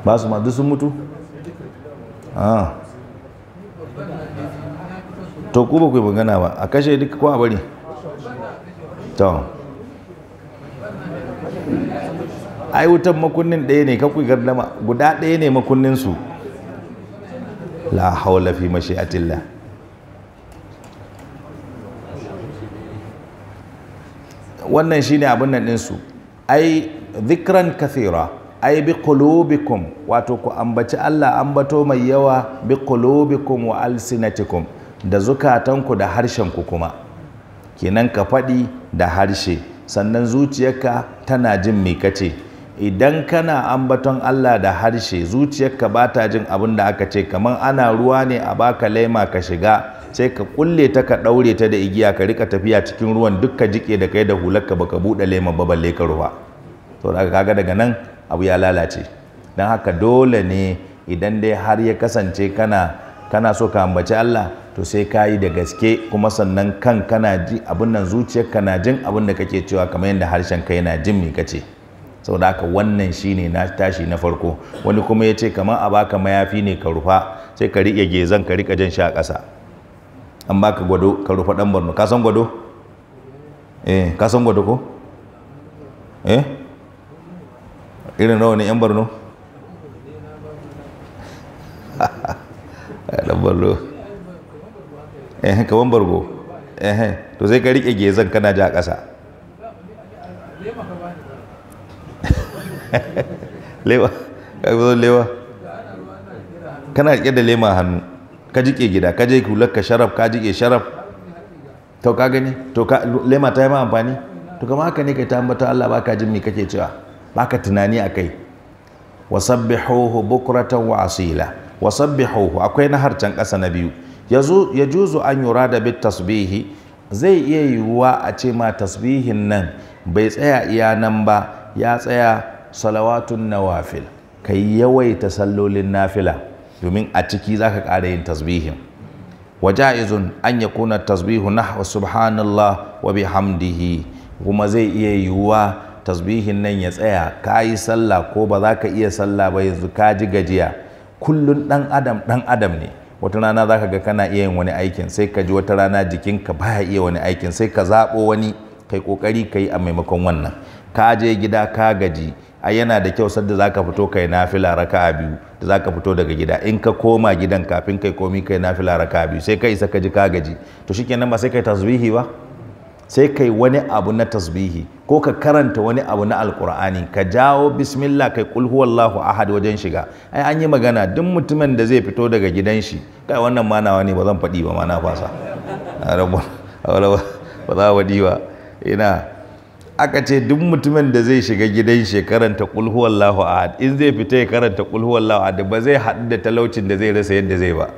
A: ba su ma duk sun mutu ah to ku ba ku yi bangana ba a kashe duk kuwa a bari to ai wutan makunnin ɗaya ne kakwai gardama guda ɗaya ne makunnin su la haula fi atilla wannan ne abin nan ɗinsu ai zikran kathira ai bi qulubikum wato ku ambaci Allah ambato mai yawa bi qulubikum wa alsinatikum da zukatanku da harshenku kuma kenan ka faɗi da harshe sannan zuciyarka tana jin me kace idan kana ambaton Allah da harshe zuciyarka ba ta jin abin da aka ce kamar ana ruwa ne a baka laima ka shiga sai ka kulle ta ka ɗaure ta da igiya ka rika tafiya cikin ruwan dukka jike da kai da hularka baka buɗe laima ba balle ka ruwa to kaga daga nan abu ya lalace don haka dole ne idan dai har ya kasance kana kana so ka ambaci Allah to sai ka yi da gaske kuma sannan kan kana ji abin nan zuciyar kana jin abin da kake cewa kamar yadda harshen ka yana jin mai kace saboda haka wannan shine na tashi na farko wani kuma ya ce kamar a baka mayafi ne ka rufa sai ka riƙe gezan ka riƙa jan shi a ƙasa an baka gwado ka rufa ɗan barno ka san gwado eh ka san gwado ko eh irin nawa ne yan barno dan barno eh kaman bargo eh to sai ka rike gezan kana ja ƙasa lewa ka zo lewa kana rike da lema hannu ka jike gida ka je kular ka sharaf ka jike sharaf to ka gani to ka lema ta yi ma amfani to kama haka ne kai ta ambata Allah ba ka jin me kake cewa baka tunani a kai wasabbihuhu bukratan wa asila wasabbihuhu akwai na harcen ƙasa na biyu ya juzu an yurada bit tasbihi zai iya yiwuwa a ce ma tasbihin nan bai tsaya iya nan ba ya tsaya salawatun nawafil ka yawaita sallolin nafila domin a ciki zaka ka ƙara yin tasbihin ja'izun an yakuna tasbihu na subhanallah wa bihamdihi kuma zai iya yiwuwa tasbihin nan ya tsaya ka yi sallah ko ba za ka iya sallah ba yanzu ka ji gajiya kullum ɗan adam ɗan adam ne wata rana za ka ga kana iya yin wani aikin sai ka ji wata rana jikinka ya iya wani aikin sai ka zaɓo wani kai ƙoƙari ka yi a maimakon wannan ka je gida ka gaji a yana da kyau sadda za ka fito kai nafila raka biyu da za ka fito daga gida in ka koma gidan kafin kai komi kai nafila raka biyu sai ka isa ka ji ka gaji to shikenan ba sai kai tasbihi ba sai kai wani abu na tasbihi ko ka karanta wani abu na alkur'ani ka jawo bismillah kai kul huwallahu ahad wajen shiga ai an yi magana duk mutumin da zai fito daga gidan shi kai wannan ma nawa ne ba zan faɗi ba ma na fasa ba za wadi ba ina aka ce duk mutumin da zai shiga gidan shi karanta kul huwallahu ahad in zai fita ya karanta kul huwallahu ahad ba zai haɗu da talaucin da zai rasa yadda zai ba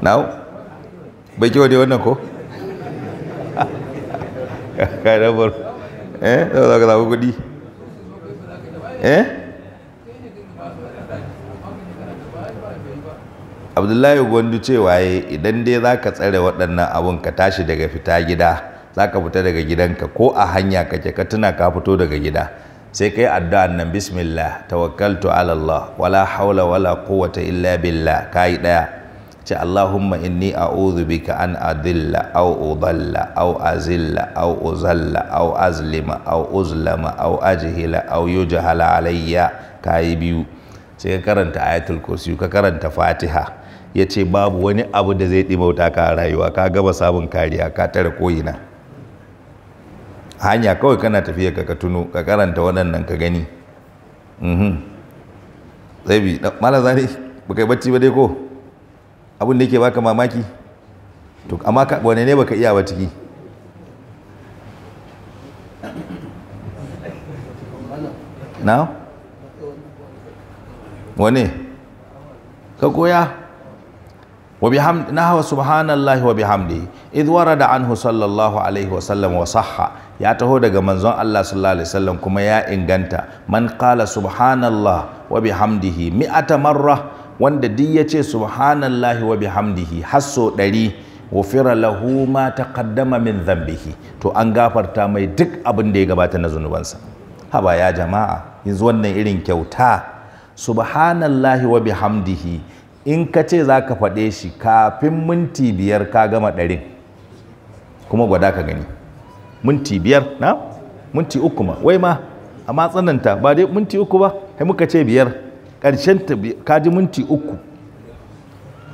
A: na'u bai kyau dai wannan ko ka rabar eh da za ka zaɓi kuɗi eh abdullahi gwandu waye, idan dai za ka tsare waɗannan abun ka tashi daga fita gida za ka fita daga gidanka ko a hanya kake ka tuna ka fito daga gida sai kai addu'an nan bismillah tawakkaltu ala Allah wala haula wala quwwata illa billah kai daya ce Allahumma inni a'udhu bika an adilla au udalla au azilla au uzalla au azlima au uzlama au ajhila au yujhala alayya kayi biyu sai ka karanta ayatul kursi ka karanta fatiha ya ce babu wani abu da zai ɗimauta ka rayuwa ka gaba sabon kariya ka tare koyina hanya kawai kana tafiya ka ka tuno ka karanta waɗannan ka gani mhm mala zari bakai bacci ba dai ko abin da yake baka mamaki to amma wane ne baka iya ba ciki na wane ka koya wa bihamdi nahwa subhanallahi wa bihamdi idh da anhu sallallahu alaihi wa sallam wa sahha ya taho daga manzon Allah sallallahu alaihi wasallam kuma ya inganta man qala subhanallah wa bihamdihi mi'ata marra wanda duk ya ce subhanallahi wa bihamdihi hasso ɗari wufira lahu ma taqaddama min dhanbihi to an gafarta mai duk abin da ya gabata na zunubansa haba ya jama'a yanzu wannan irin kyauta subhanallahi wa bihamdihi in ka ce za ka faɗe shi kafin minti biyar ka gama ɗarin kuma gwada ka gani minti biyar na minti uku ma wai ma amma tsananta ba dai minti uku ba sai muka ce biyar ƙarshen ta ka ji minti uku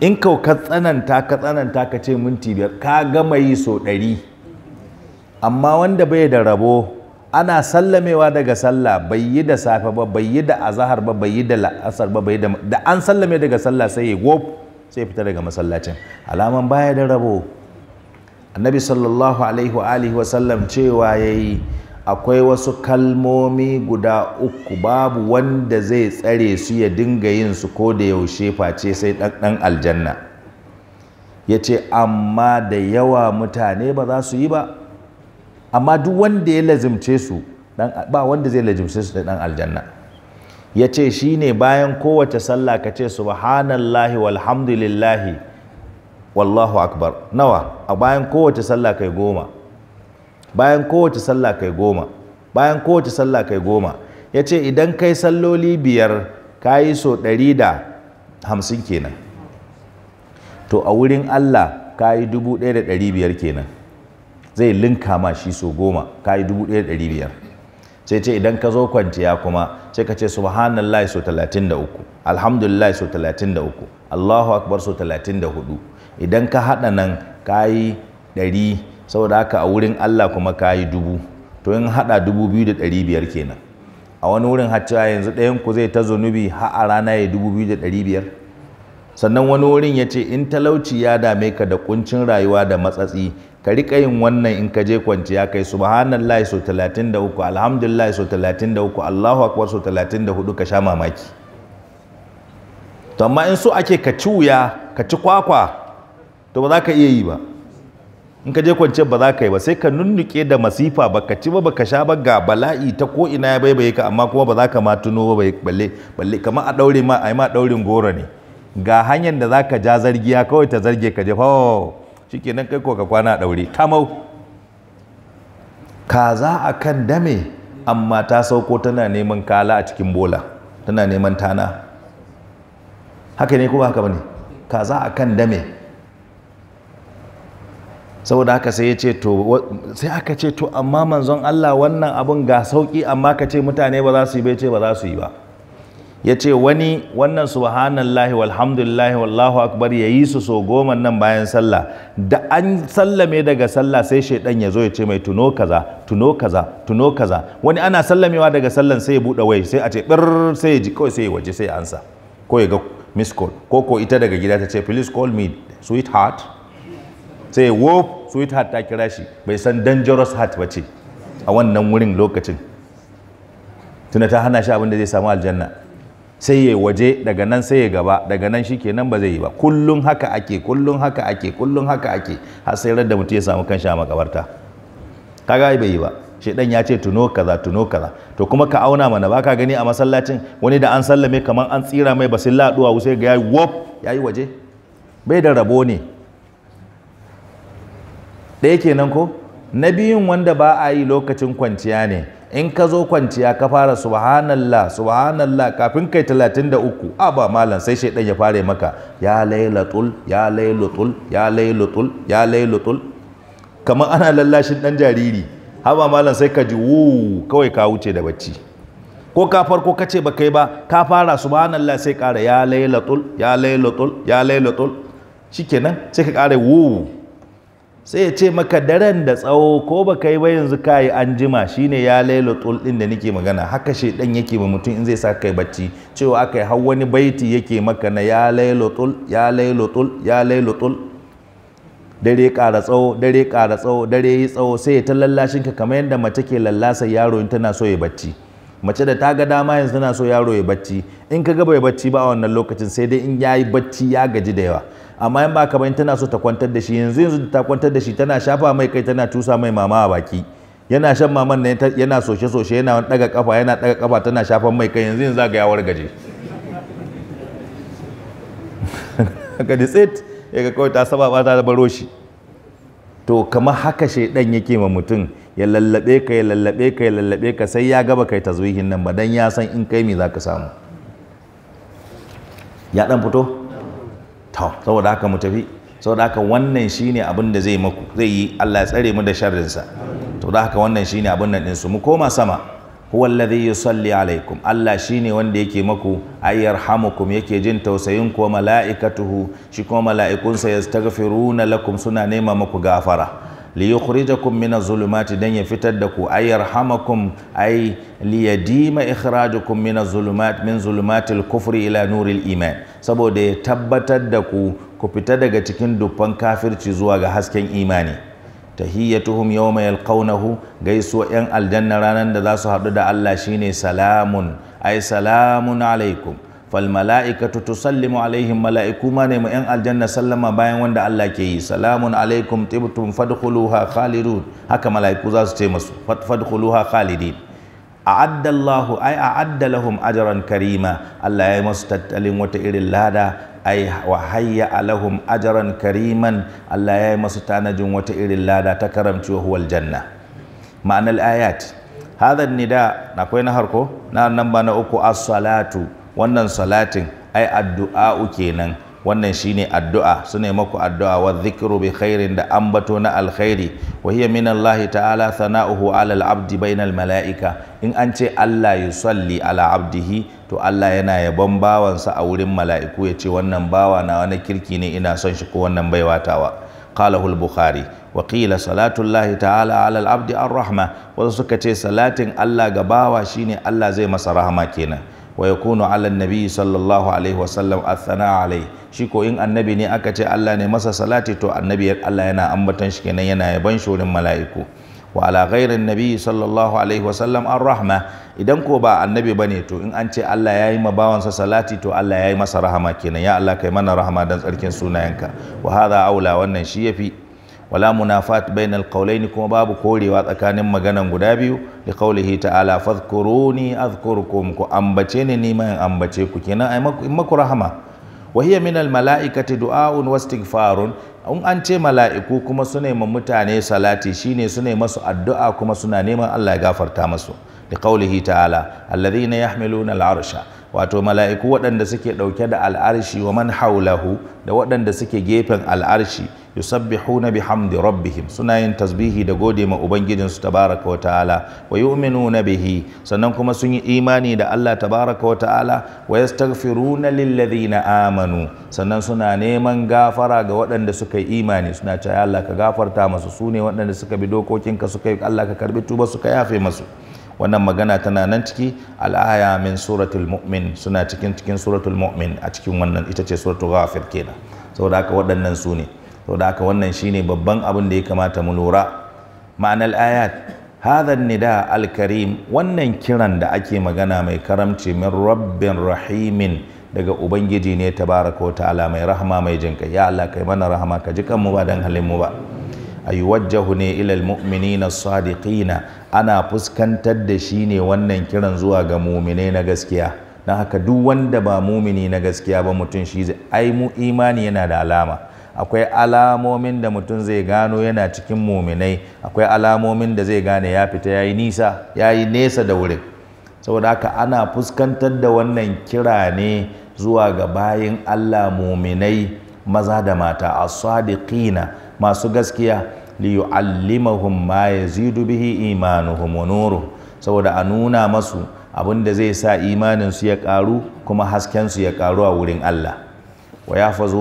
A: in kau ka tsananta ka tsananta ka ce minti biyar ka gama yi so ɗari amma wanda bai da rabo ana sallamewa daga sallah bai yi da safe ba bai yi da azahar ba bai yi da la'asar ba bai da da an sallame daga sallah sai ya gof sai fita daga masallacin alaman baya da rabo annabi sallallahu alaihi wa alihi wa sallam cewa yayi akwai wasu kalmomi guda uku babu wanda zai tsare su ya dinga yin su ko da yaushe face sai ɗan aljanna ya ce amma da yawa mutane ba za su yi ba amma duk wanda ya lazimce su ba wanda zai lazimce su da ɗan aljanna ya ce shi ne bayan kowace sallah ka ce subhanallahi walhamdulillahi wallahu akbar nawa a bayan kowace sallah kai goma bayan kowace sallah kai goma bayan kowace sallah kai goma ya ce idan kai salloli biyar ka yi so ɗari da hamsin kenan to a wurin Allah ka yi dubu ɗaya da ɗari biyar kenan zai linka ma shi so goma ka yi dubu ɗaya da ɗari biyar sai ce idan ka zo kwanciya kuma sai ka ce subhanallah so talatin da uku alhamdulillah so talatin da uku allahu akbar so talatin da hudu idan ka haɗa nan ka yi ɗari saboda haka a wurin Allah kuma ka yi dubu to in haɗa dubu biyu da ɗari biyar kenan a wani wurin hacca yanzu ɗayan ku zai ta zunubi ha'a a rana ya dubu biyu da ɗari biyar sannan wani wurin ya ce in talauci ya dame ka da kuncin rayuwa da matsatsi ka riƙa yin wannan in ka je kwanciya kai subhanallahi so talatin da uku alhamdulillahi so talatin da uku allahu akbar so talatin da hudu ka sha mamaki to amma in so ake ka ci wuya ka ci kwakwa to ba za ka iya yi ba in ka je kwance ba za ka yi ba sai ka nunnuke da masifa ba ka ci ba ba ka sha ba ga bala'i ta ko ina ya baibaye ka amma kuma ba za ka ma tuno ba balle balle kamar a daure ma ai ma daurin goro ne ga hanyar da za ka ja zargiya kawai ta zarge ka jefa nan kai ko ka kwana a daure tamau kaza akan dame amma ta sauko tana neman kala a cikin bola tana neman tana haka ne ko haka bane kaza akan dame saboda haka sai ya ce to sai aka ce to amma manzon Allah wannan abun ga sauki amma ka ce mutane ba za su yi ba ce ba za su yi ba ya ce wani wannan subhanallahi walhamdulillahi wallahu akbar ya yi su so goma nan bayan sallah da an sallame daga sallah sai shaidan ya zo ya ce mai tuno kaza tuno kaza tuno kaza wani ana sallamewa daga sallan sai ya buɗe wai sai a ce bir sai ya ji kawai sai ya waje sai ya ansa ko ya ga miss call ko ko ita daga gida ta ce please call me sweetheart sai ya wo sweetheart ta kira shi bai san dangerous heart ba ce a wannan wurin lokacin tuna ta hana shi abinda zai samu aljanna sai ya waje daga nan sai ya gaba daga nan shi kenan ba zai yi ba kullum haka ake kullum haka ake kullum haka ake har sai da mutum ya samu kanshi a makabarta kaga bai yi ba shedan ya ce tuno kaza tuno kaza to kuma ka auna mana ba ka gani a masallacin wani da an sallame kamar an tsira mai basilla duwa sai ga yayi wop yayi waje bai da rabo ne ɗaya kenan ko na biyun wanda ba a yi lokacin kwanciya ne in ka zo kwanciya ka fara subhanallah subhanallah kafin kai talatin da uku a ba malam sai shaidan ya fara maka ya lailatul ya lailatul ya lailatul ya lailatul kamar ana lallashin ɗan jariri ba malam sai ka ji wuu kawai ka wuce da bacci ko ka farko ka ce ba kai ba ka fara subhanallah sai kara ya lailatul ya lailatul ya lailatul shikenan sai ka kara wuu. sai ya ce maka daren da tsawo ko ba kai ba yanzu ka yi an jima shine ya laila ɗin da nake magana haka dan yake ma mutum in zai sa kai bacci cewa aka yi har wani baiti yake maka na ya lailo tul ya lailo tul ya tul dare ƙara tsawo dare ƙara tsawo dare yi tsawo sai ya ta lallashin ka kamar yadda mace ke lallasa yaro in tana so ya bacci mace da ta ga dama yanzu tana so yaro ya bacci in ka ga bai bacci ba a wannan lokacin sai dai in ya yi bacci ya gaji da yawa amma yan ba ka bayan tana so ta kwantar da shi yanzu yanzu ta kwantar da shi tana shafa mai kai tana tusa mai mama a baki yana shan maman nan yana soshe soshe yana daga kafa yana daga kafa tana shafan mai kai yanzu yanzu ga yawar gaje ka ditsit ya ga kawai ta saba ba ta baro shi to kamar haka shaidan yake ma mutum ya lallabe ka ya lallabe ka ya lallabe ka sai ya gaba kai tazwihin nan ba dan ya san in kai me zaka samu ya dan fito to saboda haka mu tafi saboda haka wannan shine abin da zai maku zai yi Allah ya tsare mu da sharrin sa to da haka wannan shine abin nan din su mu koma sama huwa alladhi yusalli alaikum Allah shine wanda yake maku ayyarhamukum yake jin tausayin ko mala'ikatuhu shi kuma mala'ikunsa yastaghfiruna lakum suna nema maku gafara li yukhrijakum min az-zulumati dan ya fitar da ku ayyarhamakum ay li yadima ikhrajakum min az zulumati min zulumatil kufri ila nuril iman saboda ya tabbatar da ku ku fita daga cikin dubban kafirci zuwa ga hasken imani tahiyyatuhum yawma yalqawnahu gaisuwa yan aljanna ranar da za su haɗu da Allah shine salamun ai salamun alaikum fal mala'ikatu tusallimu alaihim mala'iku ma ne yan aljanna sallama bayan wanda Allah ke yi salamun alaikum tibtum fadkhuluha khalidun haka mala'iku za su ce masu fadkhuluha khalidin a'addallahu ai lahum ajran karima Allah ya yi masu tattalin wata irin lada ai wa hayya alahum ajran kariman Allah ya yi masu tanajin wata irin lada ta karamci wa huwal janna ma'anar ayat hadha nida akwai na harko na nan ba na uku as-salatu wannan salatin ai addu'a kenan wannan shine addu'a su ne maku addu'a wa dhikru bi khairin da ambato na alkhairi wa hiya min Allah ta'ala sana'uhu 'ala al-'abdi bayna al-mala'ika in an ce Allah salli 'ala 'abdihi to Allah yana yabon bawansa a wurin mala'iku ya ce wannan bawa na wani kirki ne ina son shi ko wannan baiwa tawa qalahu al-bukhari wa qila salatu Allah ta'ala 'ala al-'abdi ar-rahma wasu suka ce salatin Allah ga bawa shine Allah zai masa rahama kenan wa yakunu 'ala an-nabi sallallahu alaihi wasallam sana'a alaihi shi ko in annabi ne aka ce Allah ne masa salati to annabi Allah yana ambatan shi kenan yana yaban shi wurin mala'iku wa ala ghairin nabi sallallahu alaihi wa sallam rahma idan ko ba annabi bane to in an ce Allah yayi ma bawansa salati to Allah yayi masa rahama kenan ya Allah kai mana rahama dan tsarkin sunayenka wa hadha aula wannan shi yafi wala munafat bainal qawlaini kuma babu korewa tsakanin maganan guda biyu li qawlihi ta'ala fadhkuruni adhkurkum ku ambace ni ni ma ambace ku kenan ai maku rahama wa hiya min almalaikati du'aun wastighfarun in an ce mala'iku kuma su neman mutane salati shine su ne masu addu'a kuma suna neman Allah ya gafarta masu da qaulihi ta'ala alladhina yahmiluna al'arsha wato mala'iku waɗanda suke ɗauke da al'arshi wa man haulahu da waɗanda suke gefen al'arshi yusabbihuna bihamdi rabbihim suna yin tasbihi da gode ma ubangijinsu tabaraka wa ta'ala wa yu'minuna bihi sannan kuma sun yi imani da Allah tabaraka wa ta'ala wa yastaghfiruna lilladhina amanu sannan suna neman gafara ga waɗanda suka yi imani suna cewa Allah ka gafarta masu su ne waɗanda suka bi dokokinka suka yi Allah ka karbi tuba suka yafe masu wannan magana tana nan ciki al'aya min suratul mu'min suna cikin cikin suratul mu'min a cikin wannan ita ce suratul ghafir kenan saboda haka waɗannan su ne to da haka wannan shine babban abin da ya kamata mu lura ma'anar ayat hadha nida al-karim wannan kiran da ake magana mai karamci min rabbin rahimin daga ubangiji ne tabaraka wa ta'ala mai rahama mai jinka ya Allah kai mana rahama ka ji kanmu ba dan halin mu ba ayuwajjahu ne ilal mu'minina sadiqina ana fuskantar da shi ne wannan kiran zuwa ga mumine na gaskiya na haka duk wanda ba mumini na gaskiya ba mutum shi ai mu imani yana da alama akwai alamomin da mutum zai gano yana cikin muminai akwai alamomin da zai gane ya fita ya yi nisa ya yi nesa da wurin saboda haka ana fuskantar da wannan kira ne zuwa ga bayan Allah muminai maza da mata a sadiqina masu gaskiya li yu'allimahum ma yazidu bihi imanuhum wa saboda a nuna masu abin da zai sa imaninsu ya ƙaru kuma haskensu ya ƙaru a wurin Allah wa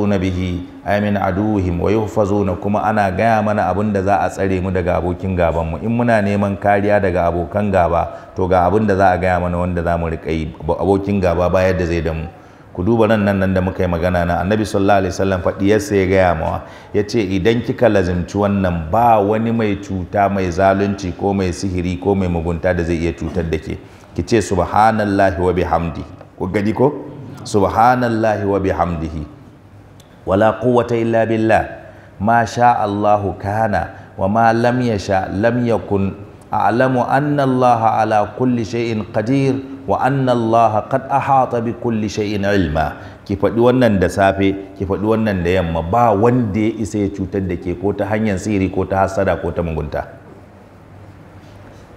A: na bihi amin aduhim wa yuhfazuna kuma ana gaya mana abin da za a tsare mu daga abokin gaban mu in muna neman kariya daga abokan gaba to ga abin da za a gaya mana wanda za mu riƙa yi abokin gaba ba yadda zai da mu ku duba nan nan da muka yi magana na annabi sallallahu alaihi wasallam faɗiyarsa ya gaya mawa ya ce idan kika lazimci wannan ba wani mai cuta mai zalunci ko mai sihiri ko mai mugunta da zai iya cutar da ke ki ce subhanallahi wa bihamdi ku gadi ko subhanallahi wa bihamdihi wala quwwata illa billah ma sha Allahu kana wa ma lam yasha lam yakun a'lamu anna Allah ala kulli shay'in qadir wa anna kad qad ahata bi kulli shay'in ilma ki faɗi wannan da safe ki faɗi wannan da yamma ba wanda ya isa ya cutar da ke ko ta hanyar sirri ko ta hasada ko ta mugunta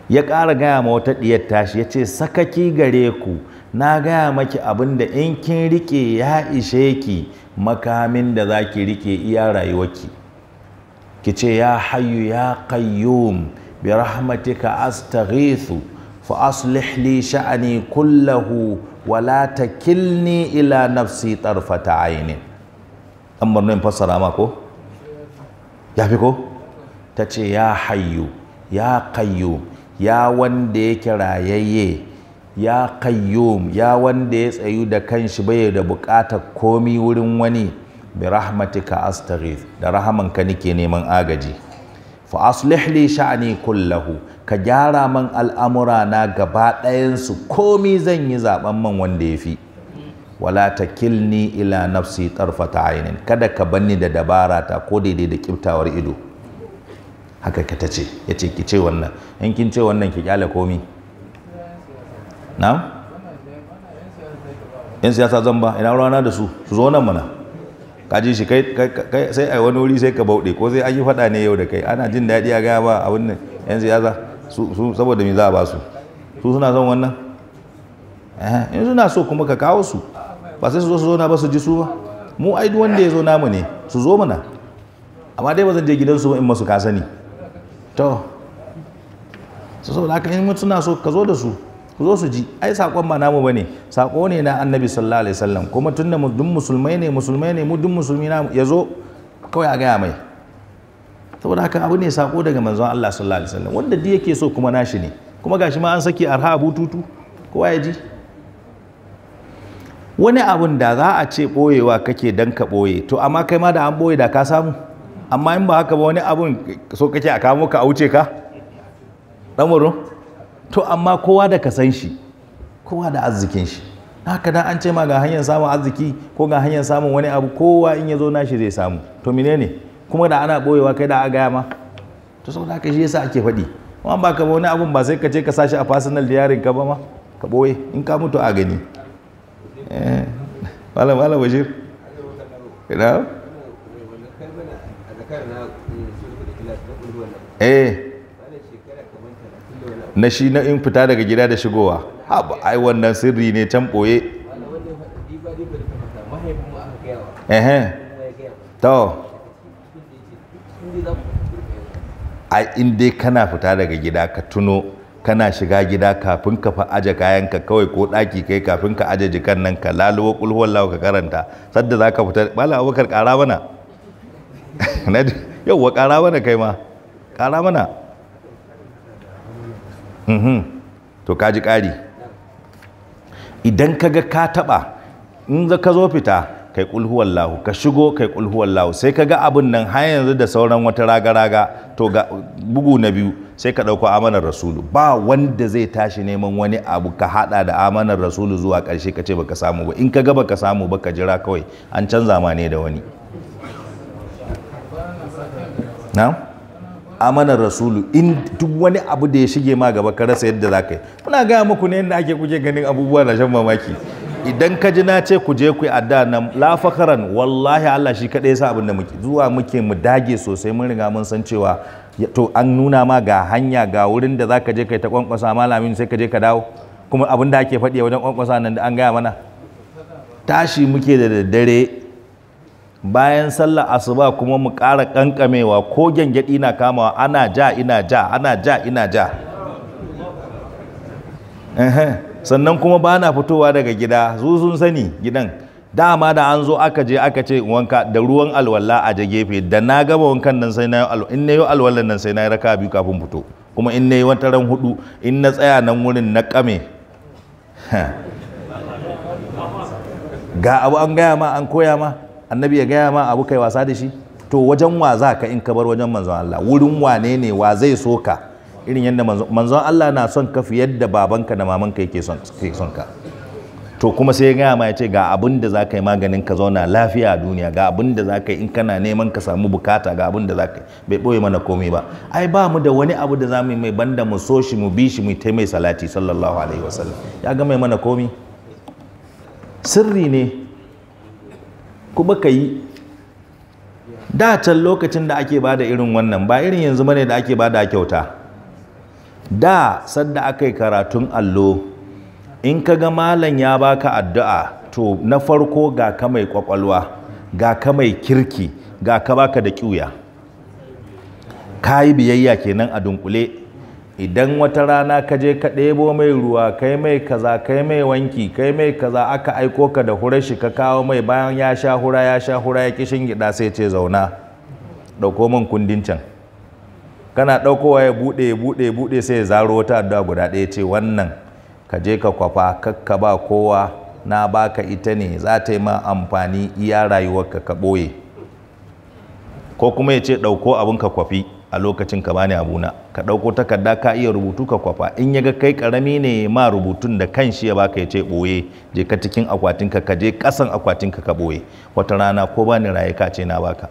A: ya ƙara gaya ma wata ɗiyar tashi ya ce sakaki gare ku na gaya maki abin da in kin rike ya ishe ki makamin da za ki rike iya rayuwarki ki ce ya hayyu ya qayyum bi rahmatika astaghithu fa aslih li sha'ani kullahu wa la takilni ila nafsi tarfata aini an barno in fassara ma ko ya fi ko ta ce ya hayyu ya qayyum ya wanda yake rayayye ya kayyum ya wanda ya tsayu da kanshi bai da buƙatar komi wurin wani bi rahmatika astaghiz da rahamanka nake neman agaji fa aslih li sha'ni kullahu ka gyara man al'amura na gaba ɗayansu komi zan yi zaben man wanda ya fi wala takilni ila nafsi tarfata ainin kada ka banni da dabara ta ko daidai da kiftawar ido haka ka tace yace ki ce wannan in kin ce wannan ki kyale komi na'am yan siyasa zan ba ina rana da su su zo nan mana kaji shi kai sai a wani wuri sai ka bauɗe ko sai an yi faɗa ne yau da kai ana jin daɗi a gaya ba a wannan yan siyasa su saboda me za a ba su su suna son wannan eh, in suna so kuma ka kawo su ba sai su zo su zo na ba su ji su ba mu ai wanda ya zo namu ne su zo mana amma dai ba zan je gidansu ba in masu kasani to su saboda haka in suna so ka zo da su ku zo su ji ai sakon ba namu bane sako ne na annabi sallallahu alaihi wasallam kuma tunda mu dun musulmai ne musulmai ne mu dun musulmi na ya zo kawai a gaya mai saboda haka abu ne sako daga manzon Allah sallallahu alaihi wasallam wanda duk yake so kuma nashi ne kuma gashi ma an saki arha bututu kowa ya ji wani abun da za a ce boyewa kake dan ka boye to amma kai ma da an boye da ka samu amma in ba haka ba wani abun so kake a kamo ka a wuce ka ɗan to amma kowa da kasan shi kowa da arzikin shi haka dan an ce ma ga hanyar samun arziki ko ga hanyar samun wani abu kowa in ya zo nashi zai samu to menene kuma da ana boyewa kai da a gaya ma to saboda haka shi yasa ake faɗi amma ba ka wani abun ba sai ka je ka sashi a personal diary ka ba ma ka boye in ka mutu a gani eh. bashir ina eh na shi na in fita daga gida da shigowa Haba, ai wannan sirri ne can ɓoye. ai in dai kana fita daga gida ka tuno kana shiga gida kafin ka fa aje kayanka kawai ko daki kai kafin ka aje jikan nan ka laluwa kulhuwallahu ka karanta sadda za ka fita bala abukar kara mana yauwa kara mana kai ma kara mana Mhm. to kaji kari. idan ka ka taɓa in ka zo fita kai kulhuwan lahu ka shigo kai kulhuwan lahu sai ka ga abin nan har yanzu da sauran wata raga-raga to ga bugu na biyu sai ka ɗauko amanar rasulu ba wanda zai tashi neman wani abu ka haɗa da amanar rasulu zuwa ƙarshe ka ce baka samu ba in ka ga baka samu ba ka jira kawai an canza mane da wani na'am amanar rasulu in duk wani abu da ya shige ma gaba ka rasa yadda za ka yi muna gaya muku ne yadda ake kuje ganin abubuwa na shan mamaki idan ka ji na ce ku je ku adda nan lafakaran wallahi Allah shi kaɗai sa abin da muke zuwa muke mu dage sosai mun riga mun san cewa to an nuna ma ga hanya ga wurin da zaka je kai ta kwankwasa malamin sai ka je ka dawo kuma abin da ake faɗi wajen kwankwasa nan da an gaya mana tashi muke da daddare bayan sallar asuba kuma mu ƙara ƙanƙamewa ko gyangyaɗi na kamawa ana ja ina ja ana ja ina ja sannan kuma ba na fitowa daga gida zuzun sani gidan dama da an zo aka je aka ce wanka da ruwan alwala a je gefe da na gaba wankan nan sai na yi in na yi alwallan nan sai na yi raka biyu kafin fito kuma in na yi wata ran hudu in na tsaya nan wurin na kame ga abu an gaya ma an koya ma annabi ya gaya ma abu kai wasa da shi to wajen wa za ka in ka bar wajen manzon Allah wurin wane ne wa zai so ka irin yadda manzon Allah na son ka yadda yadda babanka da mamanka yake son ka to kuma sai ya gaya ma ya ce ga abin da za ka yi maganin ka zauna lafiya a duniya ga abin da za ka yi in kana neman ka samu bukata ga abin da za ka yi bai ɓoye mana komai ba ai ba mu da wani abu da za mu yi mai banda mu so shi mu bi shi mu ta mai salati sallallahu alaihi wasallam ya ga mai mana komai sirri ne kuma ka yi da can lokacin da ake bada irin wannan ba irin yanzu ne da ake bada kyauta da sadda aka yi karatun allo in ka ga malam ya baka addu'a to na farko ga ka mai kwakwalwa ga ka mai kirki ga ka baka da ƙuya. ka yi biyayya kenan a dunkule idan wata rana ka je ka ɗebo mai ruwa kai mai kaza kai mai wanki kai mai kaza aka aiko ka da hurar shi ka kawo mai bayan ya sha hura ya sha hura ya kishin gida sai ce zauna ɗauko min kundin can kana ɗaukowa ya buɗe ya buɗe ya buɗe sai ya zaro wata addu'a guda ɗaya ce wannan ka je ka kwafa kakka ba kowa na baka ita ne za ta yi ma amfani iya rayuwarka ka ɓoye ko kuma ya ce ɗauko abin ka kwafi a lokacin ka bani abuna ka ɗauko takarda ka iya rubutu ka kwafa in ya ga kai karami ne ma rubutun da kan shi ya baka ya ce ɓoye je ka cikin akwatin ka ka je ƙasan akwatin ka ɓoye wata rana ko ba ni raye ka ce na baka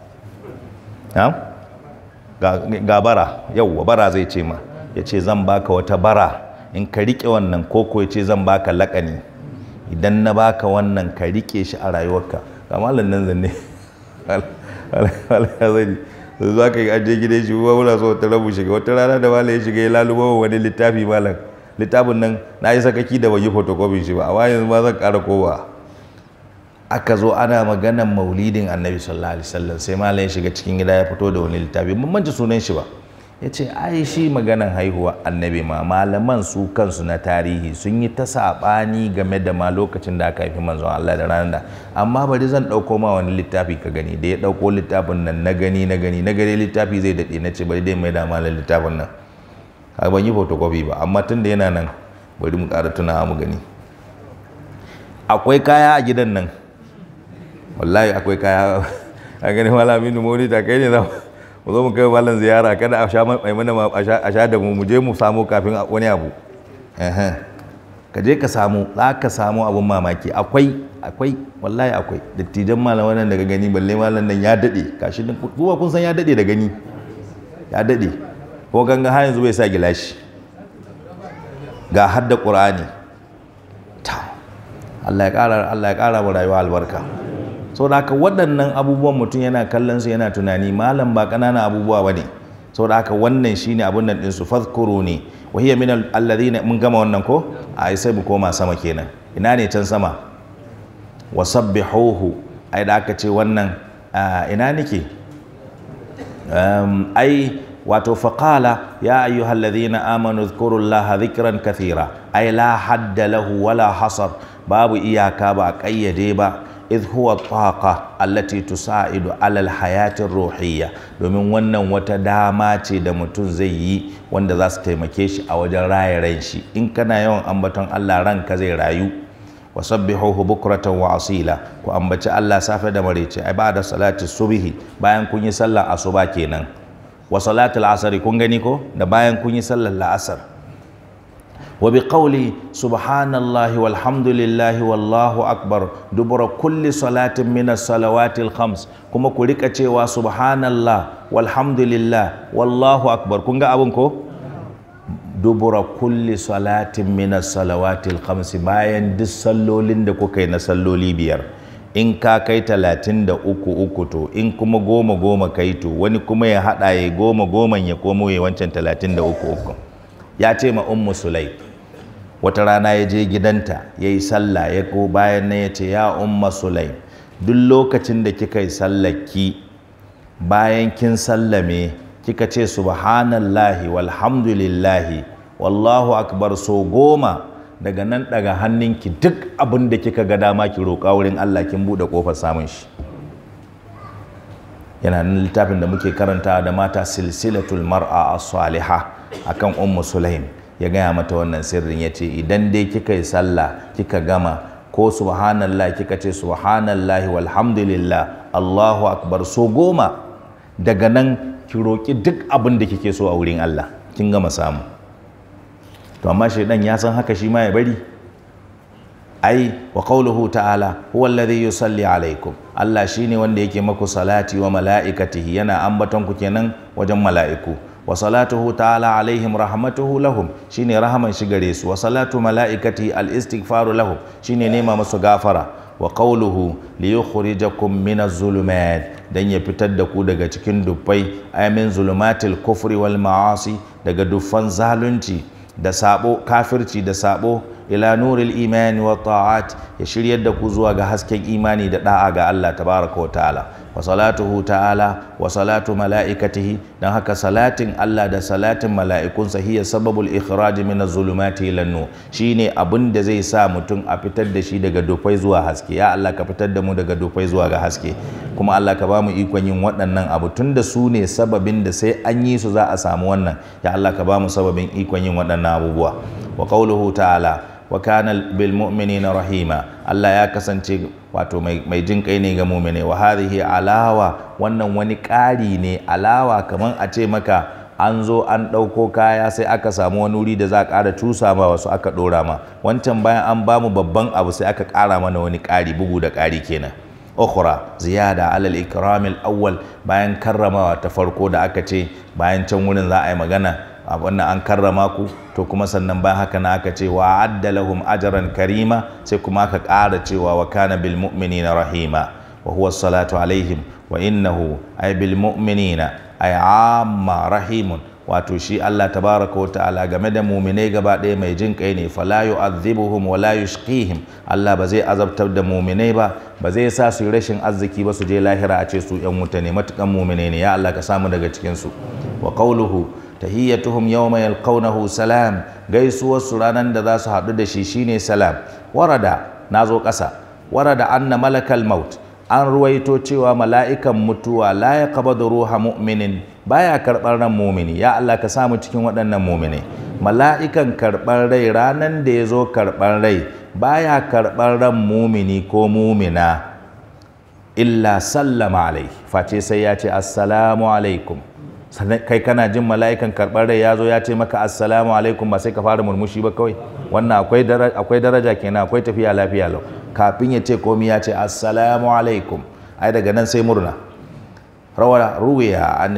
A: ga bara yauwa bara zai ce ma ya ce zan baka wata bara in ka riƙe wannan koko ya ce zan baka laƙani idan na baka wannan ka riƙe shi a rayuwarka ga malam nan zanne za ka yi aje gida shi ba wula so ta rabu shiga wata rana da wala ya shiga ya lalubo wani littafi malam littafin nan na yi sakaki da bai yi photocopy shi ba a yanzu ma zan ƙara kowa aka zo ana maganan maulidin annabi sallallahu alaihi wasallam sai malam ya shiga cikin gida ya fito da wani littafi ban manta sunan shi ba ya ce ai shi maganan haihuwa annabi ma malaman su kansu na tarihi sun yi ta saɓani game da ma lokacin da aka haifi manzon Allah da ranar da amma bari zan ɗauko ma wani littafi ka gani da ya ɗauko littafin nan na gani na gani na gani littafi zai daɗe na ce bari dai mai da malar littafin nan ka ban yi photocopy ba amma tun da yana nan bari mu ƙara tuna mu gani akwai kaya a gidan nan wallahi akwai kaya a gani malamin moni ta kai ne zama mu zo mu kai mallan ziyara kada a sha maimuna a sha da mu mu je mu samu kafin wani abu ka je ka samu za ka samu abun mamaki akwai akwai wallahi akwai dattijan malaman nan daga gani balle malaman nan ya dade kashi din kuma kun san ya dade da gani ya dade ko ganga har yanzu bai sa gilashi ga hadda qur'ani ta Allah ya kara Allah ya ƙara mu rayuwa albarka saboda haka waɗannan abubuwan mutum yana kallon su yana tunani malam ba ƙananan abubuwa ba ne saboda haka wannan shine abun nan ɗinsu fadkuru ne wa hiya min alladhina mun gama wannan ko ai sai mu koma sama kenan ina ne can sama wasabbihuhu ai da aka ce wannan ina nake ai wato faƙala ya ayyuhal ladhina amanu dhkurullaha dhikran kathira ai la hadda lahu wala hasar babu iyaka ba a ƙayyade ba idh huwa taqa allati tusaidu alal hayatin ruhiyya domin wannan wata dama ce da mutum zai yi wanda za su taimake shi a wajen raye ran shi in kana yawan ambaton Allah ranka zai rayu wa sabbihuhu bukratan wa asila ku ambaci Allah safe da marece ai ba da salati subhi bayan kun yi sallar asuba kenan wa salatul asari kun gani ko da bayan kun yi sallar la'asar وبقوله سبحان الله والحمد لله والله أكبر دبر كل صلاة من الصلوات الخمس كما كلك تشيوا سبحان الله والحمد لله والله أكبر كنغا أبنكو دبر كل صلاة من الصلوات الخمس باين دي صلولين دكو كي صلولي بير in ka kai talatin da uku uku to in kuma goma goma kai to wani kuma ya haɗa ya goma goman ya komo ya wancan talatin da uku ya ce ma ummu wata rana ya je gidanta ya yi sallah ya ko bayan na ya ce ya umma sulaim duk lokacin da kika yi sallaki bayan kin sallame kika ce subhanallahi walhamdulillahi wallahu akbar so goma daga nan daga hannunki duk abin da kika ga dama ki roƙa wurin Allah kin buɗe ƙofar samun shi yana nan littafin da muke karanta da mata silsilatul mar'a a saliha akan ummu sulaim ya gaya mata wannan sirrin ya ce idan dai kika yi sallah kika gama ko subhanallah kika ce subhanallah walhamdulillah Allahu akbar so goma daga nan ki roƙi duk abin da kike so a wurin Allah kin gama samu to amma shaidan ya san haka shi ma ya bari ai wa qawluhu ta'ala huwa alladhi yusalli alaikum Allah shine wanda yake maku salati wa mala'ikatihi yana ambaton ku kenan wajen mala'iku wa salatuhu ta'ala alaihim rahmatuhu lahum shine rahaman shi gare su wa salatu malaikati al istighfaru lahum shine nema musu gafara wa qawluhu li yukhrijakum min az-zulumat dan ya fitar da ku daga cikin dubbai amin zulumatil kufri wal ma'asi daga dufan zalunci da sabo kafirci da sabo ila nuril imani wa ta'at ya shiryar da ku zuwa ga hasken imani da da'a ga Allah tabaraka wa ta'ala wa salatuhu ta'ala wa salatu mala'ikatihi dan haka salatin Allah da salatin mala'ikunsa hiya sababul ikhraj min az-zulumati ila nur shine abin da zai sa mutum a fitar da shi daga dufai zuwa haske ya Allah ka fitar da mu daga dufai zuwa ga haske kuma Allah ka bamu ikon yin waɗannan abu tunda su ne sababin da sai an yi su za a samu wannan ya Allah ka bamu sababin ikon yin waɗannan abubuwa wa qauluhu ta'ala wa kana bil mu'minina rahima Allah ya kasance wato mai jin kai ne ga mu'mini wa hadhihi alawa wannan wani ƙari ne alawa kaman a ce maka an zo an ɗauko kaya sai aka samu wani wuri da za a ƙara cusa ma wasu aka ɗora ma wancan bayan an bamu babban abu sai aka ƙara mana wani ƙari bugu da ƙari kenan ukhra ziyada alal ikramil awwal bayan karramawa ta farko da aka ce bayan can wurin za a yi magana wannan an karrama ku to kuma sannan ba haka na aka ce wa adda lahum ajran karima sai kuma aka kara cewa wa kana bil mu'minina rahima wa huwa salatu alaihim wa innahu ay bil mu'minina ay amma rahimun wato shi Allah tabaraka wa ta'ala game da muminai gaba ɗaya mai jin kai ne fala yu'adhibuhum wa la yushqihim Allah ba zai azabtar da muminai ba ba zai sa su rashin arziki ba su je lahira a ce su yan wuta ne matukan muminai ne ya Allah ka samu daga cikin su wa qawluhu tahiyyatuhum yawma yalqawnahu salam gaisuwar su ranan da za su haɗu da shi shine salam warada nazo ƙasa warada anna malakal maut an ruwaito cewa mala'ikan mutuwa la ya da ruha mu'minin baya karɓar ran mumini ya Allah ka samu cikin waɗannan mumini mala'ikan karɓar rai ranan da ya zo karɓar rai baya karɓar ran mumini ko mumina illa sallama alai face sai ya ce assalamu alaikum sannan kai kana jin mala'ikan karɓar rai ya zo ya ce maka assalamu alaikum ba sai ka fara murmushi ba kawai wannan akwai daraja kenan akwai tafiya lafiya lau kafin ya ce komi ya ce assalamu alaikum ai daga nan sai murna rawa ruwiya an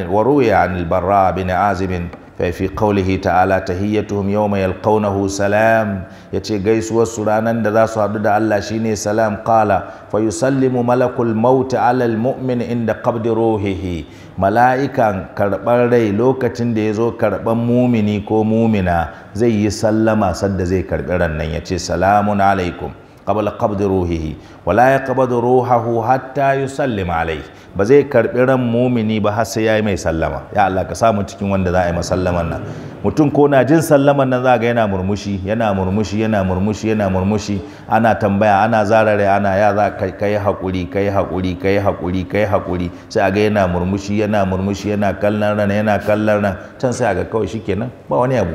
A: barra bin azibin fi qawlihi ta'ala tahiyyatuhum yawma yalqawnahu salam yace gaisuwar su ranan da za su haɗu da Allah shine salam qala fa yusallimu malakul maut ala mumin inda qabdi ruhihi mala'ikan karɓar rai lokacin da ya zo karɓar mumini ko mumina zai yi sallama sadda zai karɓi rannan yace salamun alaikum qabla qabdi ruhihi wala yaqbadu ruhahu hatta yusallim alai ba zai karbi ran mumini ba har sai yayi mai sallama ya Allah ka samu cikin wanda za a yi masallaman nan mutum ko na jin sallaman nan za ga yana murmushi yana murmushi yana murmushi yana murmushi ana tambaya ana zarare ana ya za ka yi hakuri ka yi hakuri ka yi hakuri ka yi hakuri sai a ga yana murmushi yana murmushi yana kallon ran yana kallon ran can sai a ga kawai shikenan ba wani abu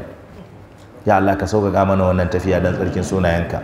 A: ya Allah ka sauƙaƙa mana wannan tafiya don tsarkin sunayenka